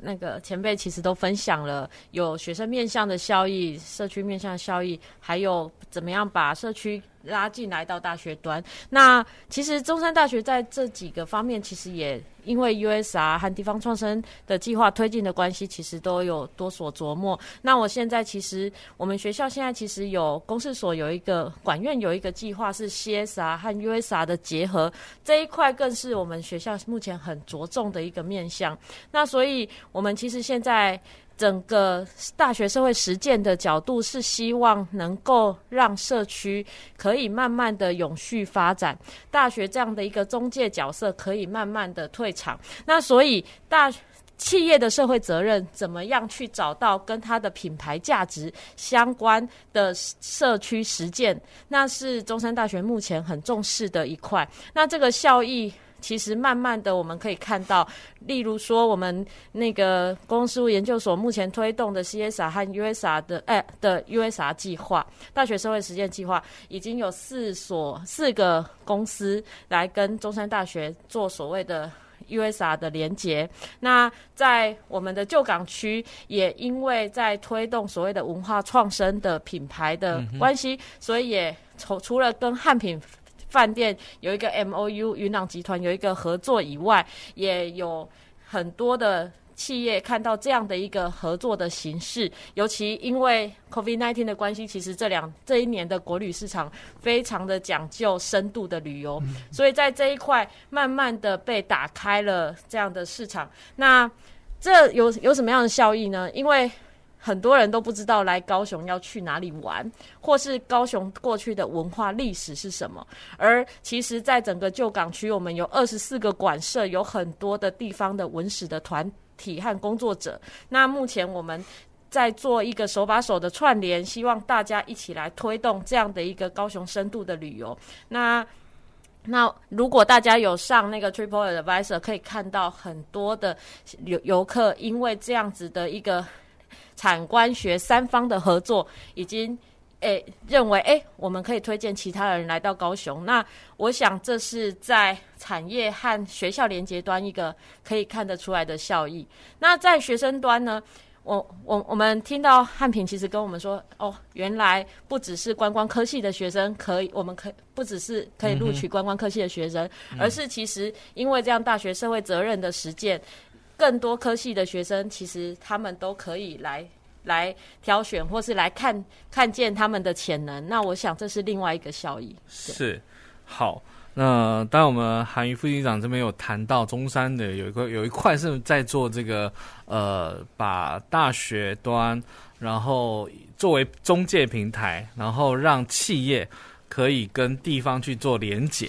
[SPEAKER 4] 那個前輩其實都分享了有學生面向的效益、社區面向的效益，還有怎麼樣把社區拉近來到大學端，那其實中山大學在這幾個方面，其實也因為 USR 和地方創生的計劃推進的關係，其實都有多所琢磨。那我現在其實我們學校現在其實有公事所有一個管院有一個計劃是 CSR 和 USR 的結合，這一塊更是我們學校目前很着重的一個面向。那所以，我們其實現在。整個大學社會實踐的角度是希望能夠讓社區可以慢慢的永續發展，大學這樣的一個中介角色可以慢慢的退場。那所以大企業的社會責任怎麼樣去找到跟它的品牌價值相關的社區實踐，那是中山大學目前很重視的一塊。那這個效益。其實慢慢的，我們可以看到，例如說，我們那個公共事務研究所目前推動的 CSR 和 USR 的哎的 USR 計劃、大學社會實踐計劃，已經有四所四個公司來跟中山大學做所謂的 USR 的連接，那在我們的舊港區，也因為在推動所謂的文化創生的品牌的關係，嗯、所以也除除了跟漢品飯店有一個 MOU，雲朗集團有一個合作以外，也有很多的企業看到這樣的一個合作的形式。尤其因為 COVID-19 的關係，其實這兩這一年的國旅市場非常的講究深度的旅遊，所以在這一塊慢慢的被打開了這樣的市場。那這有有什麼樣的效益呢？因為很多人都不知道來高雄要去哪裡玩，或是高雄過去的文化歷史是什麼。而其實，在整個舊港區，我們有二十四個館舍，有很多的地方的文史的團體和工作者。那目前我們在做一個手把手的串聯，希望大家一起來推動這樣的一個高雄深度的旅遊。那那如果大家有上那個 TripAdvisor，可以看到很多的遊遊客因為這樣子的一個。產官學三方的合作已經，誒、欸，認為誒、欸，我們可以推薦其他的人來到高雄。那我想這是在產業和學校連結端一個可以看得出來的效益。那在學生端呢，我我我們聽到漢平其實跟我們說，哦，原來不只是觀光科系的學生可以，我們可不只是可以錄取觀光科系的學生，嗯嗯，而是其實因為這樣大學社會責任的實踐。更多科系的學生，其實他們都可以來來挑選，或是來看看見他們的潛能。那我想這是另外一個效益，
[SPEAKER 1] 是好。那當然，我們涵瑜副執行長這邊有談到中山的有一個有一塊是在做這個，呃，把大學端然後作為中介平台，然後讓企業可以跟地方去做連結。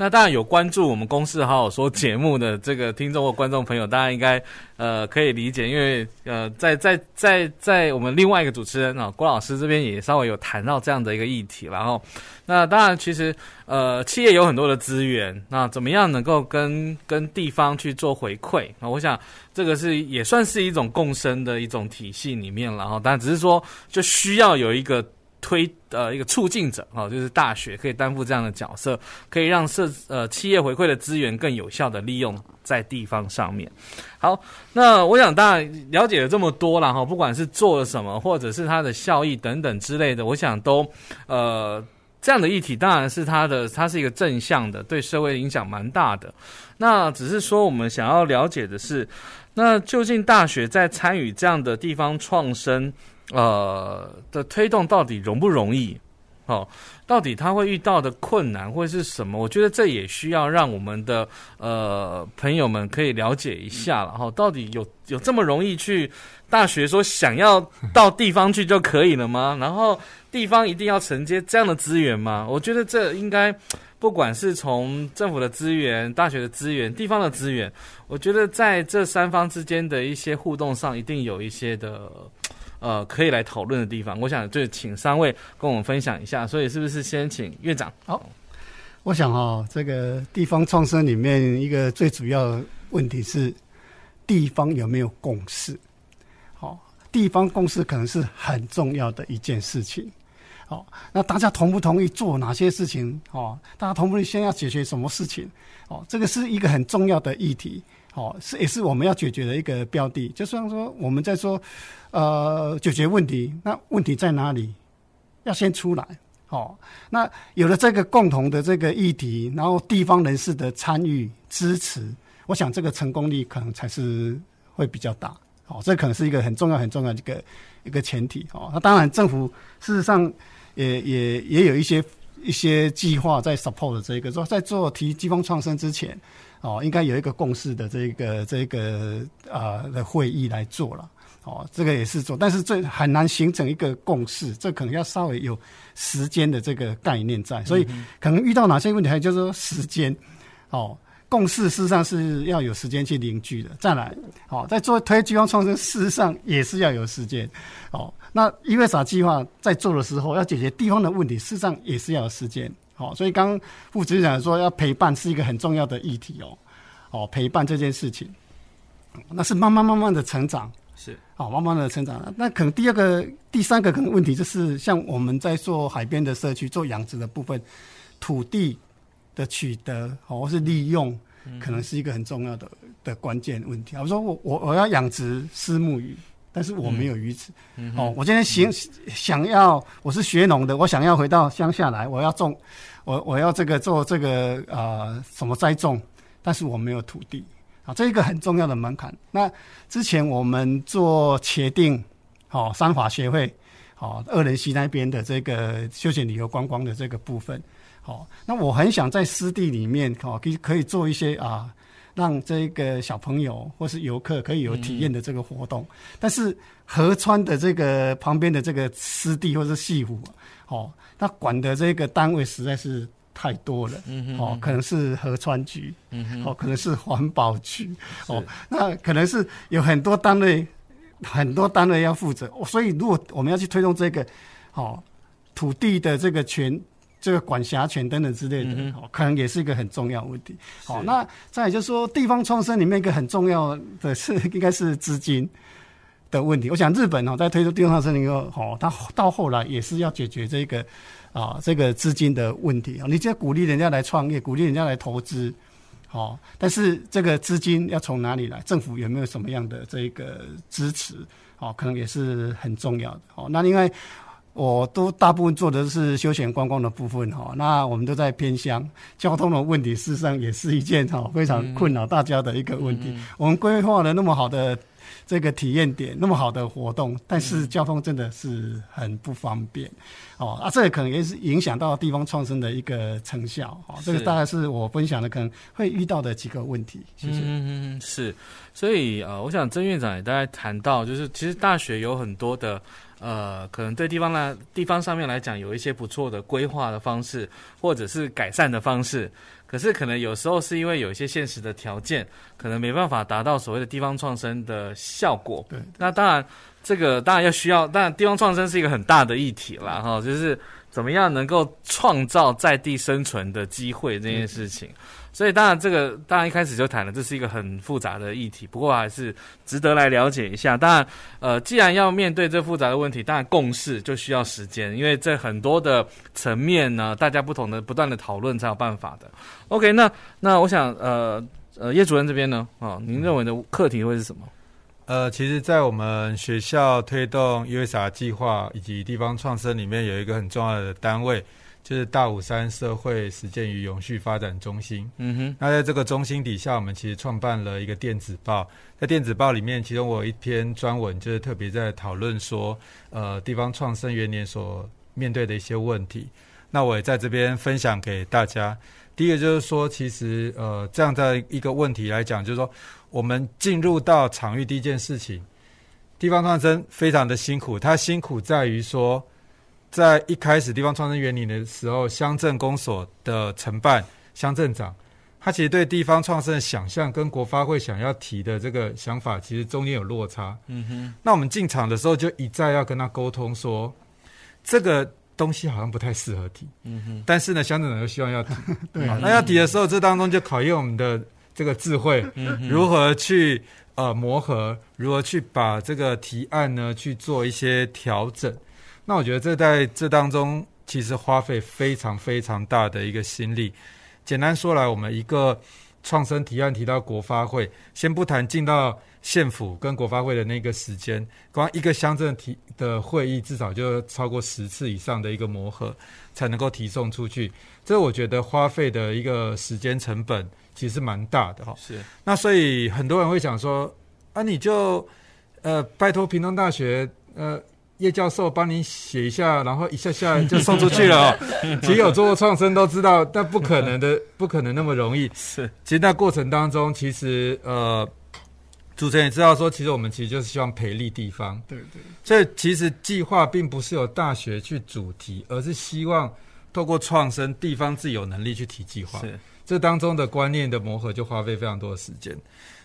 [SPEAKER 1] 那當然有關注我們《公事好好說》節目的這個聽眾或觀眾朋友，大家應該呃可以理解，因為呃在在在在我們另外一個主持人啊郭老師這邊也稍微有談到這樣的一個議題，然後那當然其實呃企業有很多的資源，那怎麼樣能夠跟跟地方去做回饋啊？然後我想這個是也算是一種共生的一種體系裡面，然後當然只是說就需要有一個。推呃一個促進者哈、哦，就是大學可以擔負這樣的角色，可以讓社呃企業回饋的資源更有效地利用在地方上面。好，那我想大家了解了這麼多了哈、哦，不管是做了什麼，或者是它的效益等等之類的，我想都呃這樣的議題當然是它的，它是一個正向的，對社會影響蠻大的。那只是說我們想要了解的是，那究竟大學在參與這樣的地方創生呃的推動到底容不容易？哦，到底他會遇到的困難會是什麼？我覺得這也需要讓我們的呃朋友們可以了解一下。然後，哦，到底有有這麼容易去大學說想要到地方去就可以了嗎？然後地方一定要承接這樣的資源嗎？我覺得這應該不管是從政府的資源、大學的資源、地方的資源，我覺得在這三方之間的一些互動上，一定有一些的。呃，可以來討論的地方，我想就請三位跟我們分享一下。所以是不是先請院長？好，
[SPEAKER 2] 我想哈，這個地方創生裡面一個最主要的問題是地方有沒有共識？好，地方共識可能是很重要的一件事情。好，那大家同不同意做哪些事情？哦，大家同不同意先要解決什麼事情？哦，這個是一個很重要的議題。好、哦、是也是我們要解決的一個標的，就像說我們在說，呃，解決問題，那問題在哪裡？要先出來。好、哦，那有了這個共同的這個議題，然後地方人士的參與支持，我想這個成功率可能才是會比較大。好、哦，這可能是一個很重要很重要的一個一個前提。好、哦，那當然政府事實上也也也有一些一些計劃在 support 這個，說在做提地方創生之前。哦，應該有一個共識的這個這個啊、呃、的會議來做了。哦，這個也是做，但是這很難形成一個共識，這可能要稍微有時間的這個概念在。所以可能遇到哪些問題？還就是說時間，哦，共識事實上是要有時間去凝聚的。再來，哦，在做推地方創生事實上也是要有時間。哦，那 USR 計劃在做的時候要解決地方的問題，事實上也是要有時間。好、哦，所以剛剛副執行長說要陪伴是一個很重要的議題哦，哦，陪伴這件事情，嗯、那是慢慢慢慢的成長，是，好、哦，慢慢的成長。那可能第二個、第三個可能問題就是，像我們在做海邊的社區做養殖的部分，土地的取得，好、哦、或是利用、嗯，可能是一個很重要的的關鍵問題。我說我我我要養殖虱目魚，但是我沒有魚池、
[SPEAKER 1] 嗯，哦、嗯，我
[SPEAKER 2] 今天想、嗯、想要，我是學農的，我想要回到鄉下來，我要種，我我要這個做這個啊、呃、什麼栽種，但是我沒有土地啊，這一個很重要的門檻。那之前我們做茄萣好、哦、三法協會好、哦、二仁溪那邊的這個休閒旅遊觀光的這個部分，好、哦，那我很想在濕地裡面好、哦、可以可以做一些啊。讓這個小朋友或是遊客可以有體驗的這個活動，嗯、但是河川的這個旁邊的這個濕地或是西湖，哦，它管的這個單位實在是太多了，哦，可能是河川局，哦，可能是環、嗯哦、保局，嗯、哦，那可能是有很多單位，很多單位要負責，所以如果我們要去推動這個，哦，土地的這個權。這個管轄權等等之類的、嗯哦，可能也是一個很重要的問題。好、哦，那再就是說，地方創生裡面一個很重要的是，應該是資金的問題。我想日本哦，在推出地方創生以後，好、哦，它到後來也是要解決這個啊、哦，這個資金的問題啊。你就要鼓勵人家來創業，鼓勵人家來投資，好、哦，但是這個資金要從哪裡來？政府有沒有什麼樣的這個支持？好、哦，可能也是很重要的。好、哦，那另外。我都大部分做的是休閒觀光的部分哈，那我們都在偏鄉，交通的問題事實上也是一件哈非常困擾大家的一個問題。嗯。我們規劃了那麼好的。這個體驗點那麼好的活動，但是交通真的是很不方便，嗯、哦啊，這個、可能也是影響到地方創生的一個成效啊、哦。這個大概是我分享的可能會遇到的幾個問題。謝
[SPEAKER 1] 謝。嗯嗯嗯，是，所以呃，我想曾院長也大概談到，就是其實大學有很多的呃，可能對地方呢，地方上面來講，有一些不錯的規劃的方式，或者是改善的方式。可是，可能有時候是因為有一些現實的條件，可能沒辦法達到所謂的地方創生的效果。對，對。那當然，這個當然要需要，當然地方創生是一個很大的議題啦。哈，就是怎麼樣能夠創造在地生存的機會這件事情。所以當然，這個當然一開始就談了，這是一個很複雜的議題。不過還是值得來了解一下。當然，呃，既然要面對這複雜的問題，當然共識就需要時間，因為在很多的層面呢，大家不同的不斷的討論才有辦法的。OK，那那我想，呃呃，葉主任這邊呢，啊，您認為的課題會是什麼？
[SPEAKER 3] 呃，其實，在我們學校推動 USR 計劃以及地方創生裡面，有一個很重要的單位。就是大武山社會實踐與永續發展中心。嗯哼，那在這個中心底下，我們其實創辦了一個電子報。在電子報裡面，其中我有一篇專文就是特別在討論說，呃，地方創生元年所面對的一些問題。那我也在這邊分享給大家。第一個就是說，其實呃，這樣的一個問題來講，就是說，我們進入到場域第一件事情，地方創生非常的辛苦。它辛苦在於說。在一開始地方創生原理的時候，鄉鎮公所的承辦鄉鎮長，他其實對地方創生的想象跟國發會想要提的這個想法，其實中間有落差。嗯哼。那我們進場的時候，就一再要跟他溝通說，這個東西好像不太適合提。嗯哼。但是呢，鄉鎮長又希望要提。對、嗯啊嗯。那要提的時候，這當中就考驗我們的這個智慧，嗯、如何去呃磨合，如何去把這個提案呢去做一些調整。那我覺得這在這當中，其實花費非常非常大的一個心力。簡單說來，我們一個創生提案提到國發會，先不談進到縣府跟國發會的那個時間，光一個鄉鎮提的會議，至少就超過十次以上的一個磨合，才能夠提送出去。這我覺得花費的一個時間成本其實蠻大的哈。是。那所以很多人會想說，啊，你就呃拜托屏東大學呃。葉教授幫您寫一下，然後一下下就送出去了，哦、 <laughs> 其實有做過創生都知道，但不可能的，不可能那麼容易。是，其實那過程當中，其實呃，主持人也知道說，其實我們其實就是希望培力地方。對對。所以其實計劃並不是由大學去主提，而是希望透過創生，地方自己有能力去提計劃。是。這當中的觀念的磨合就花費非常多的時間。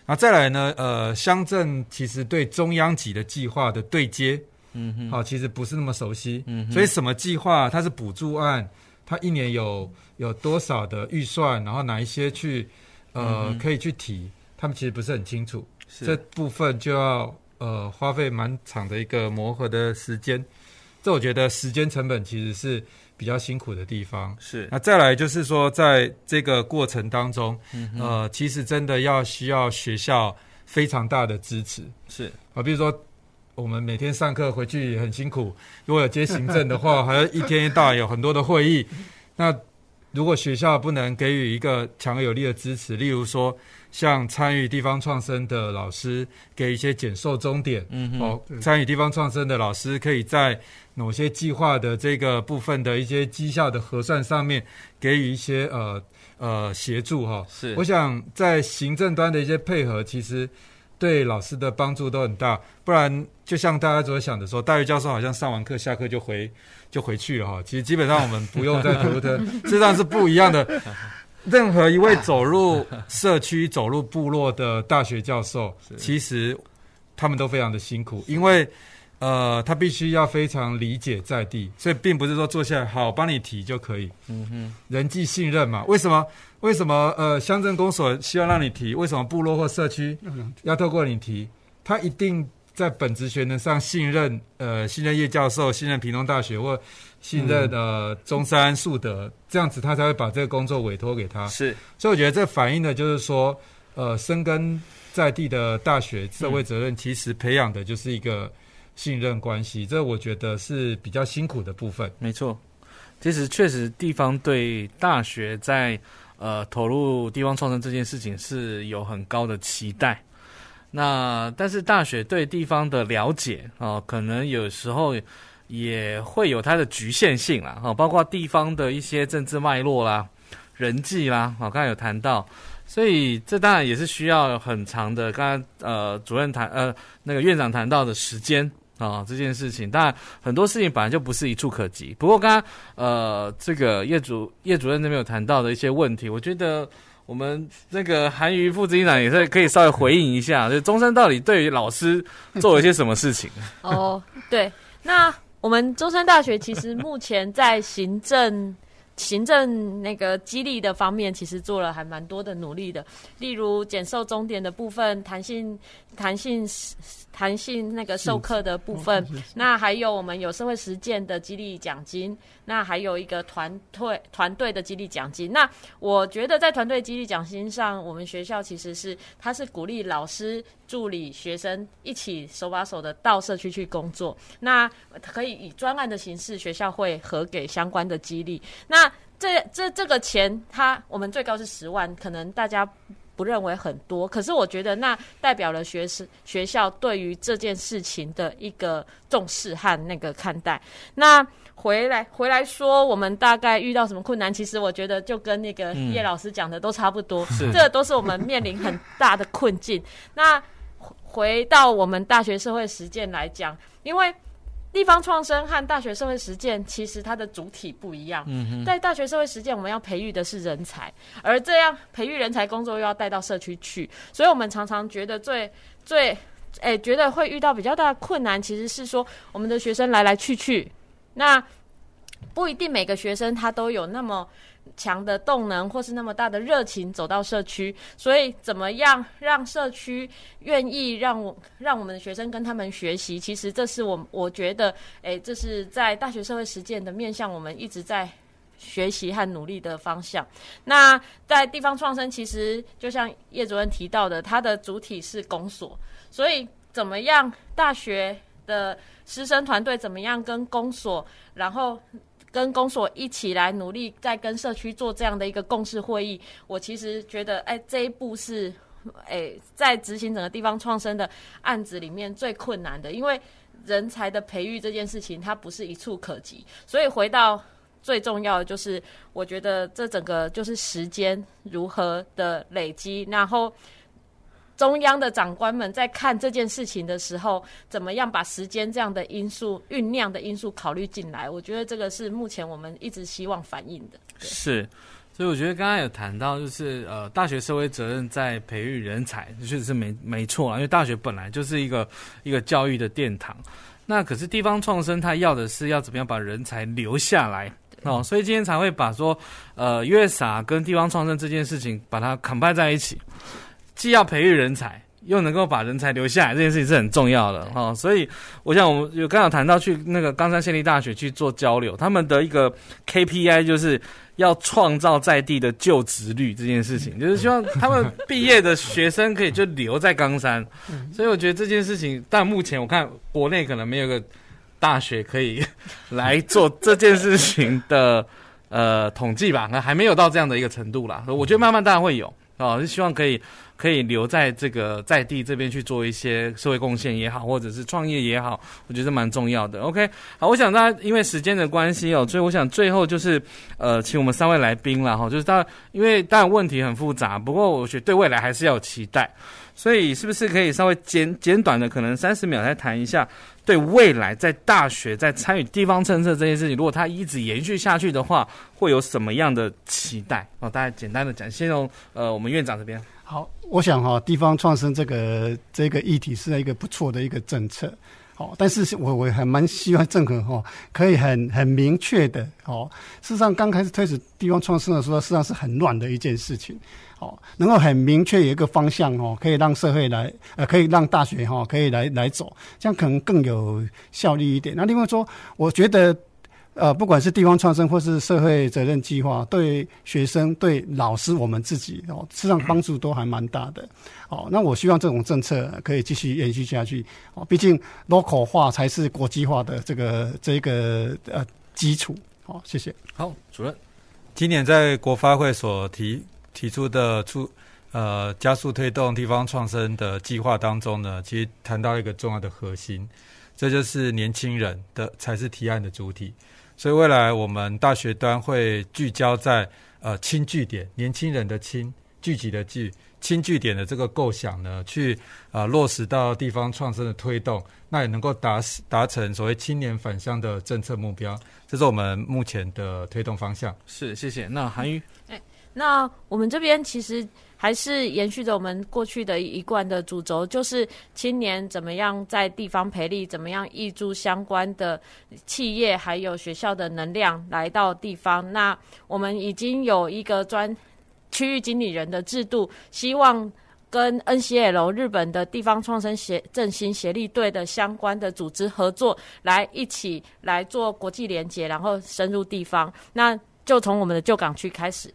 [SPEAKER 3] 那再來呢？呃，鄉鎮其實對中央級的計劃的對接。嗯，好，其實不是那麼熟悉，嗯哼，所以什麼計劃，它是補助案，它一年有有多少的預算，然後哪一些去，呃、嗯，可以去提，他們其實不是很清楚，是這部分就要呃花費蠻長的一個磨合的時間，這我覺得時間成本其實是比較辛苦的地方，是，那再來就是說在這個過程當中，嗯，呃，其實真的要需要學校非常大的支持，是，啊，比如說。我們每天上課回去很辛苦，如果有接行政的話， <laughs> 還要一天一大有很多的會議。那如果學校不能給予一個強有力的支持，例如說像參與地方創生的老師，給一些減授鐘點，嗯哼，哦，參與地方創生的老師可以在某些計劃的這個部分的一些績效的核算上面給予一些呃呃協助哈、哦。是，我想在行政端的一些配合，其實。對老師的幫助都很大，不然就像大家昨天想的說，大學教授好像上完課下課就回就回去了哈、哦。其實基本上我們不用再科得特，事實上是不一樣的。任何一位走入社區、 <laughs> 走入部落的大學教授，其實他們都非常的辛苦，因為呃，他必須要非常理解在地，所以並不是說坐下來好幫你提就可以。嗯哼，人際信任嘛，為什麼？為什麼呃鄉鎮公所希望讓你提？為什麼部落或社區要透過你提？他一定在本職學能上信任呃信任葉教授，信任屏東大學或信任的、呃、中山樹德、嗯，這樣子他才會把這個工作委托給他。是，所以我覺得這反映的就是說，呃，深耕在地的大學社會責任，其實培養的就是一個信任關係、嗯。這我覺得是比較辛苦的部分。
[SPEAKER 1] 沒錯，其實確實地方對大學在。呃，投入地方創生這件事情是有很高的期待，那但是大學對地方的了解啊、哦，可能有時候也會有它的局限性啦，哈、哦，包括地方的一些政治脈絡啦、人際啦，我、哦、剛才有談到，所以這當然也是需要很長的，剛才呃主任談呃那個院長談到的時間。啊、哦，這件事情當然很多事情本來就不是一蹴可及。不過剛剛呃，這個葉主葉主任那邊有談到的一些問題，我覺得我們那個涵瑜副執行長也是可以稍微回應一下。就中山到底對於老師做了些什麼事情？哦
[SPEAKER 4] <laughs> oh，對。那我們中山大學其實目前在行政 <laughs> 行政那個激勵的方面，其實做了還蠻多的努力的，例如減授鐘點的部分彈性。彈性彈性那個授課的部分，哦，那還有我們有社會實踐的激勵獎金，那還有一個團隊團隊的激勵獎金。那我覺得在團隊激勵獎金上，我們學校其實是它是鼓勵老師、助理、學生一起手把手的到社區去工作。那可以以專案的形式，學校會核給相關的激勵。那這這這個錢，它我們最高是十萬，可能大家。不認為很多，可是我覺得那代表了學生學校對於這件事情的一個重視和那個看待。那回來回來說，我們大概遇到什麼困難？其實我覺得就跟那個葉老師講的都差不多，嗯、這個、都是我們面臨很大的困境。那回到我們大學社會實踐來講，因為。地方創生和大學社會實踐其實它的主體不一樣，嗯、在大學社會實踐我們要培育的是人才，而這樣培育人才工作又要帶到社區去，所以我們常常覺得最最誒、欸，覺得會遇到比較大的困難，其實是說我們的學生來來去去，那不一定每個學生他都有那麼。強的動能，或是那麼大的熱情，走到社區，所以怎麼樣讓社區願意讓我讓我們的學生跟他們學習？其實這是我我覺得，誒、欸，這是在大學社會實踐的面向，我們一直在學習和努力的方向。那在地方創生，其實就像葉主任提到的，它的主體是公所，所以怎麼樣大學的師生團隊怎麼樣跟公所，然後。跟公所一起來努力，再跟社區做這樣的一個共識會議。我其實覺得，哎，這一步是，哎，在執行整個地方創生的案子裡面最困難的，因為人才的培育這件事情，它不是一蹴可及。所以回到最重要的，就是我覺得這整個就是時間如何的累積，然後。中央的長官們在看這件事情的時候，怎麼樣把時間這樣的因素、醞釀的因素考慮進來？我覺得這個是目前我們一直希望反映的。
[SPEAKER 1] 是，所以我覺得剛剛有談到，就是呃，大學社會責任在培育人才，確、就、實是沒沒錯啊，因為大學本來就是一個一個教育的殿堂。那可是地方創生，他要的是要怎麼樣把人才留下來哦，所以今天才會把說呃，USR 跟地方創生這件事情把它 combine 在一起。既要培育人才，又能夠把人才留下來，這件事情是很重要的哈、哦。所以，我想我們就有剛好談到去那個岡山縣立大學去做交流，他們的一個 KPI 就是要創造在地的就職率這件事情，就是希望他們畢業的學生可以就留在岡山。所以，我覺得這件事情，但目前我看國內可能沒有個大學可以來做這件事情的呃統計吧，那還沒有到這樣的一個程度啦。我覺得慢慢大家會有。好、哦、是希望可以，可以留在這個在地這邊去做一些社會貢獻也好，或者是創業也好，我覺得蠻重要的。OK，好，我想大家因為時間的關係哦，所以我想最後就是，呃，請我們三位來賓了哈、哦，就是大，因為當然問題很複雜，不過我覺得對未來還是要有期待。所以，是不是可以稍微簡簡短的，可能三十秒再談一下，對未來在大學在參與地方政策這件事情，如果它一直延續下去的話，會有什麼樣的期待？好、哦，大家簡單的講，先從呃我們院長這邊。
[SPEAKER 2] 好，我想哈，地方創生這個這個議題是一個不錯的一個政策。哦，但是我我還蠻希望政府哈可以很很明確的，哦，事實上剛開始推展地方創生的時候，實際上是很亂的一件事情，哦，能夠很明確有一個方向哦，可以讓社會來，呃，可以讓大學哈可以來來走，這樣可能更有效率一點。那另外說，我覺得。呃，不管是地方創生或是社會責任計劃，對學生、對老師，我們自己哦，事實上幫助都還蠻大的。哦，那我希望這種政策可以繼續延續下去。哦，畢竟 local 化才是國際化的這個這一個呃基礎。好、哦，謝謝。好，
[SPEAKER 3] 主任，今年在國發會所提提出的出呃加速推動地方創生的計劃當中呢，其實談到一個重要的核心，這就是年輕人的才是提案的主體。所以未來我們大學端會聚焦在呃青聚點、年輕人的青聚集的聚青聚點的這個構想呢，去啊、呃、落實到地方創生的推動，那也能夠達達成所謂青年返鄉的政策目標。這是我們目前的推動方向。是，謝謝。那涵瑜，
[SPEAKER 4] 哎、嗯，那我們這邊其實。還是延續着我們過去的一貫的主軸，就是青年怎麼樣在地方培力，怎麼樣挹注相關的企業還有學校的能量來到地方。那我們已經有一個專區域經理人的制度，希望跟 NCL 日本的地方創生協振興協力隊的相關的組織合作，來一起來做國際連接，然後深入地方。那就從我們的舊港區開始。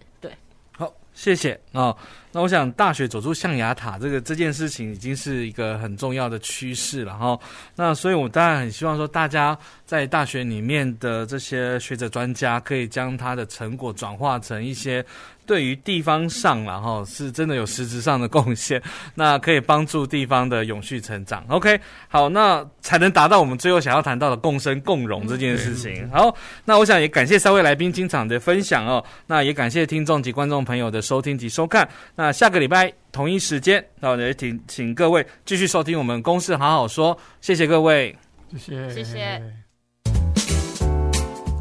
[SPEAKER 1] 謝謝啊、哦，那我想大學走出象牙塔這個這件事情已經是一個很重要的趨勢了哈、哦。那所以，我當然很希望說，大家在大學裡面的這些學者專家，可以將他的成果轉化成一些。對於地方上啦，然後是真的有實質上的貢獻，那可以幫助地方的永續成長。OK，好，那才能達到我們最後想要談到的共生共榮這件事情、嗯。好，那我想也感謝三位來賓經常的分享哦，那也感謝聽眾及觀眾朋友的收聽及收看。那下個禮拜同一時間，那也請請各位繼續收聽我們公事好好說。謝謝各位，
[SPEAKER 4] 謝謝，謝謝。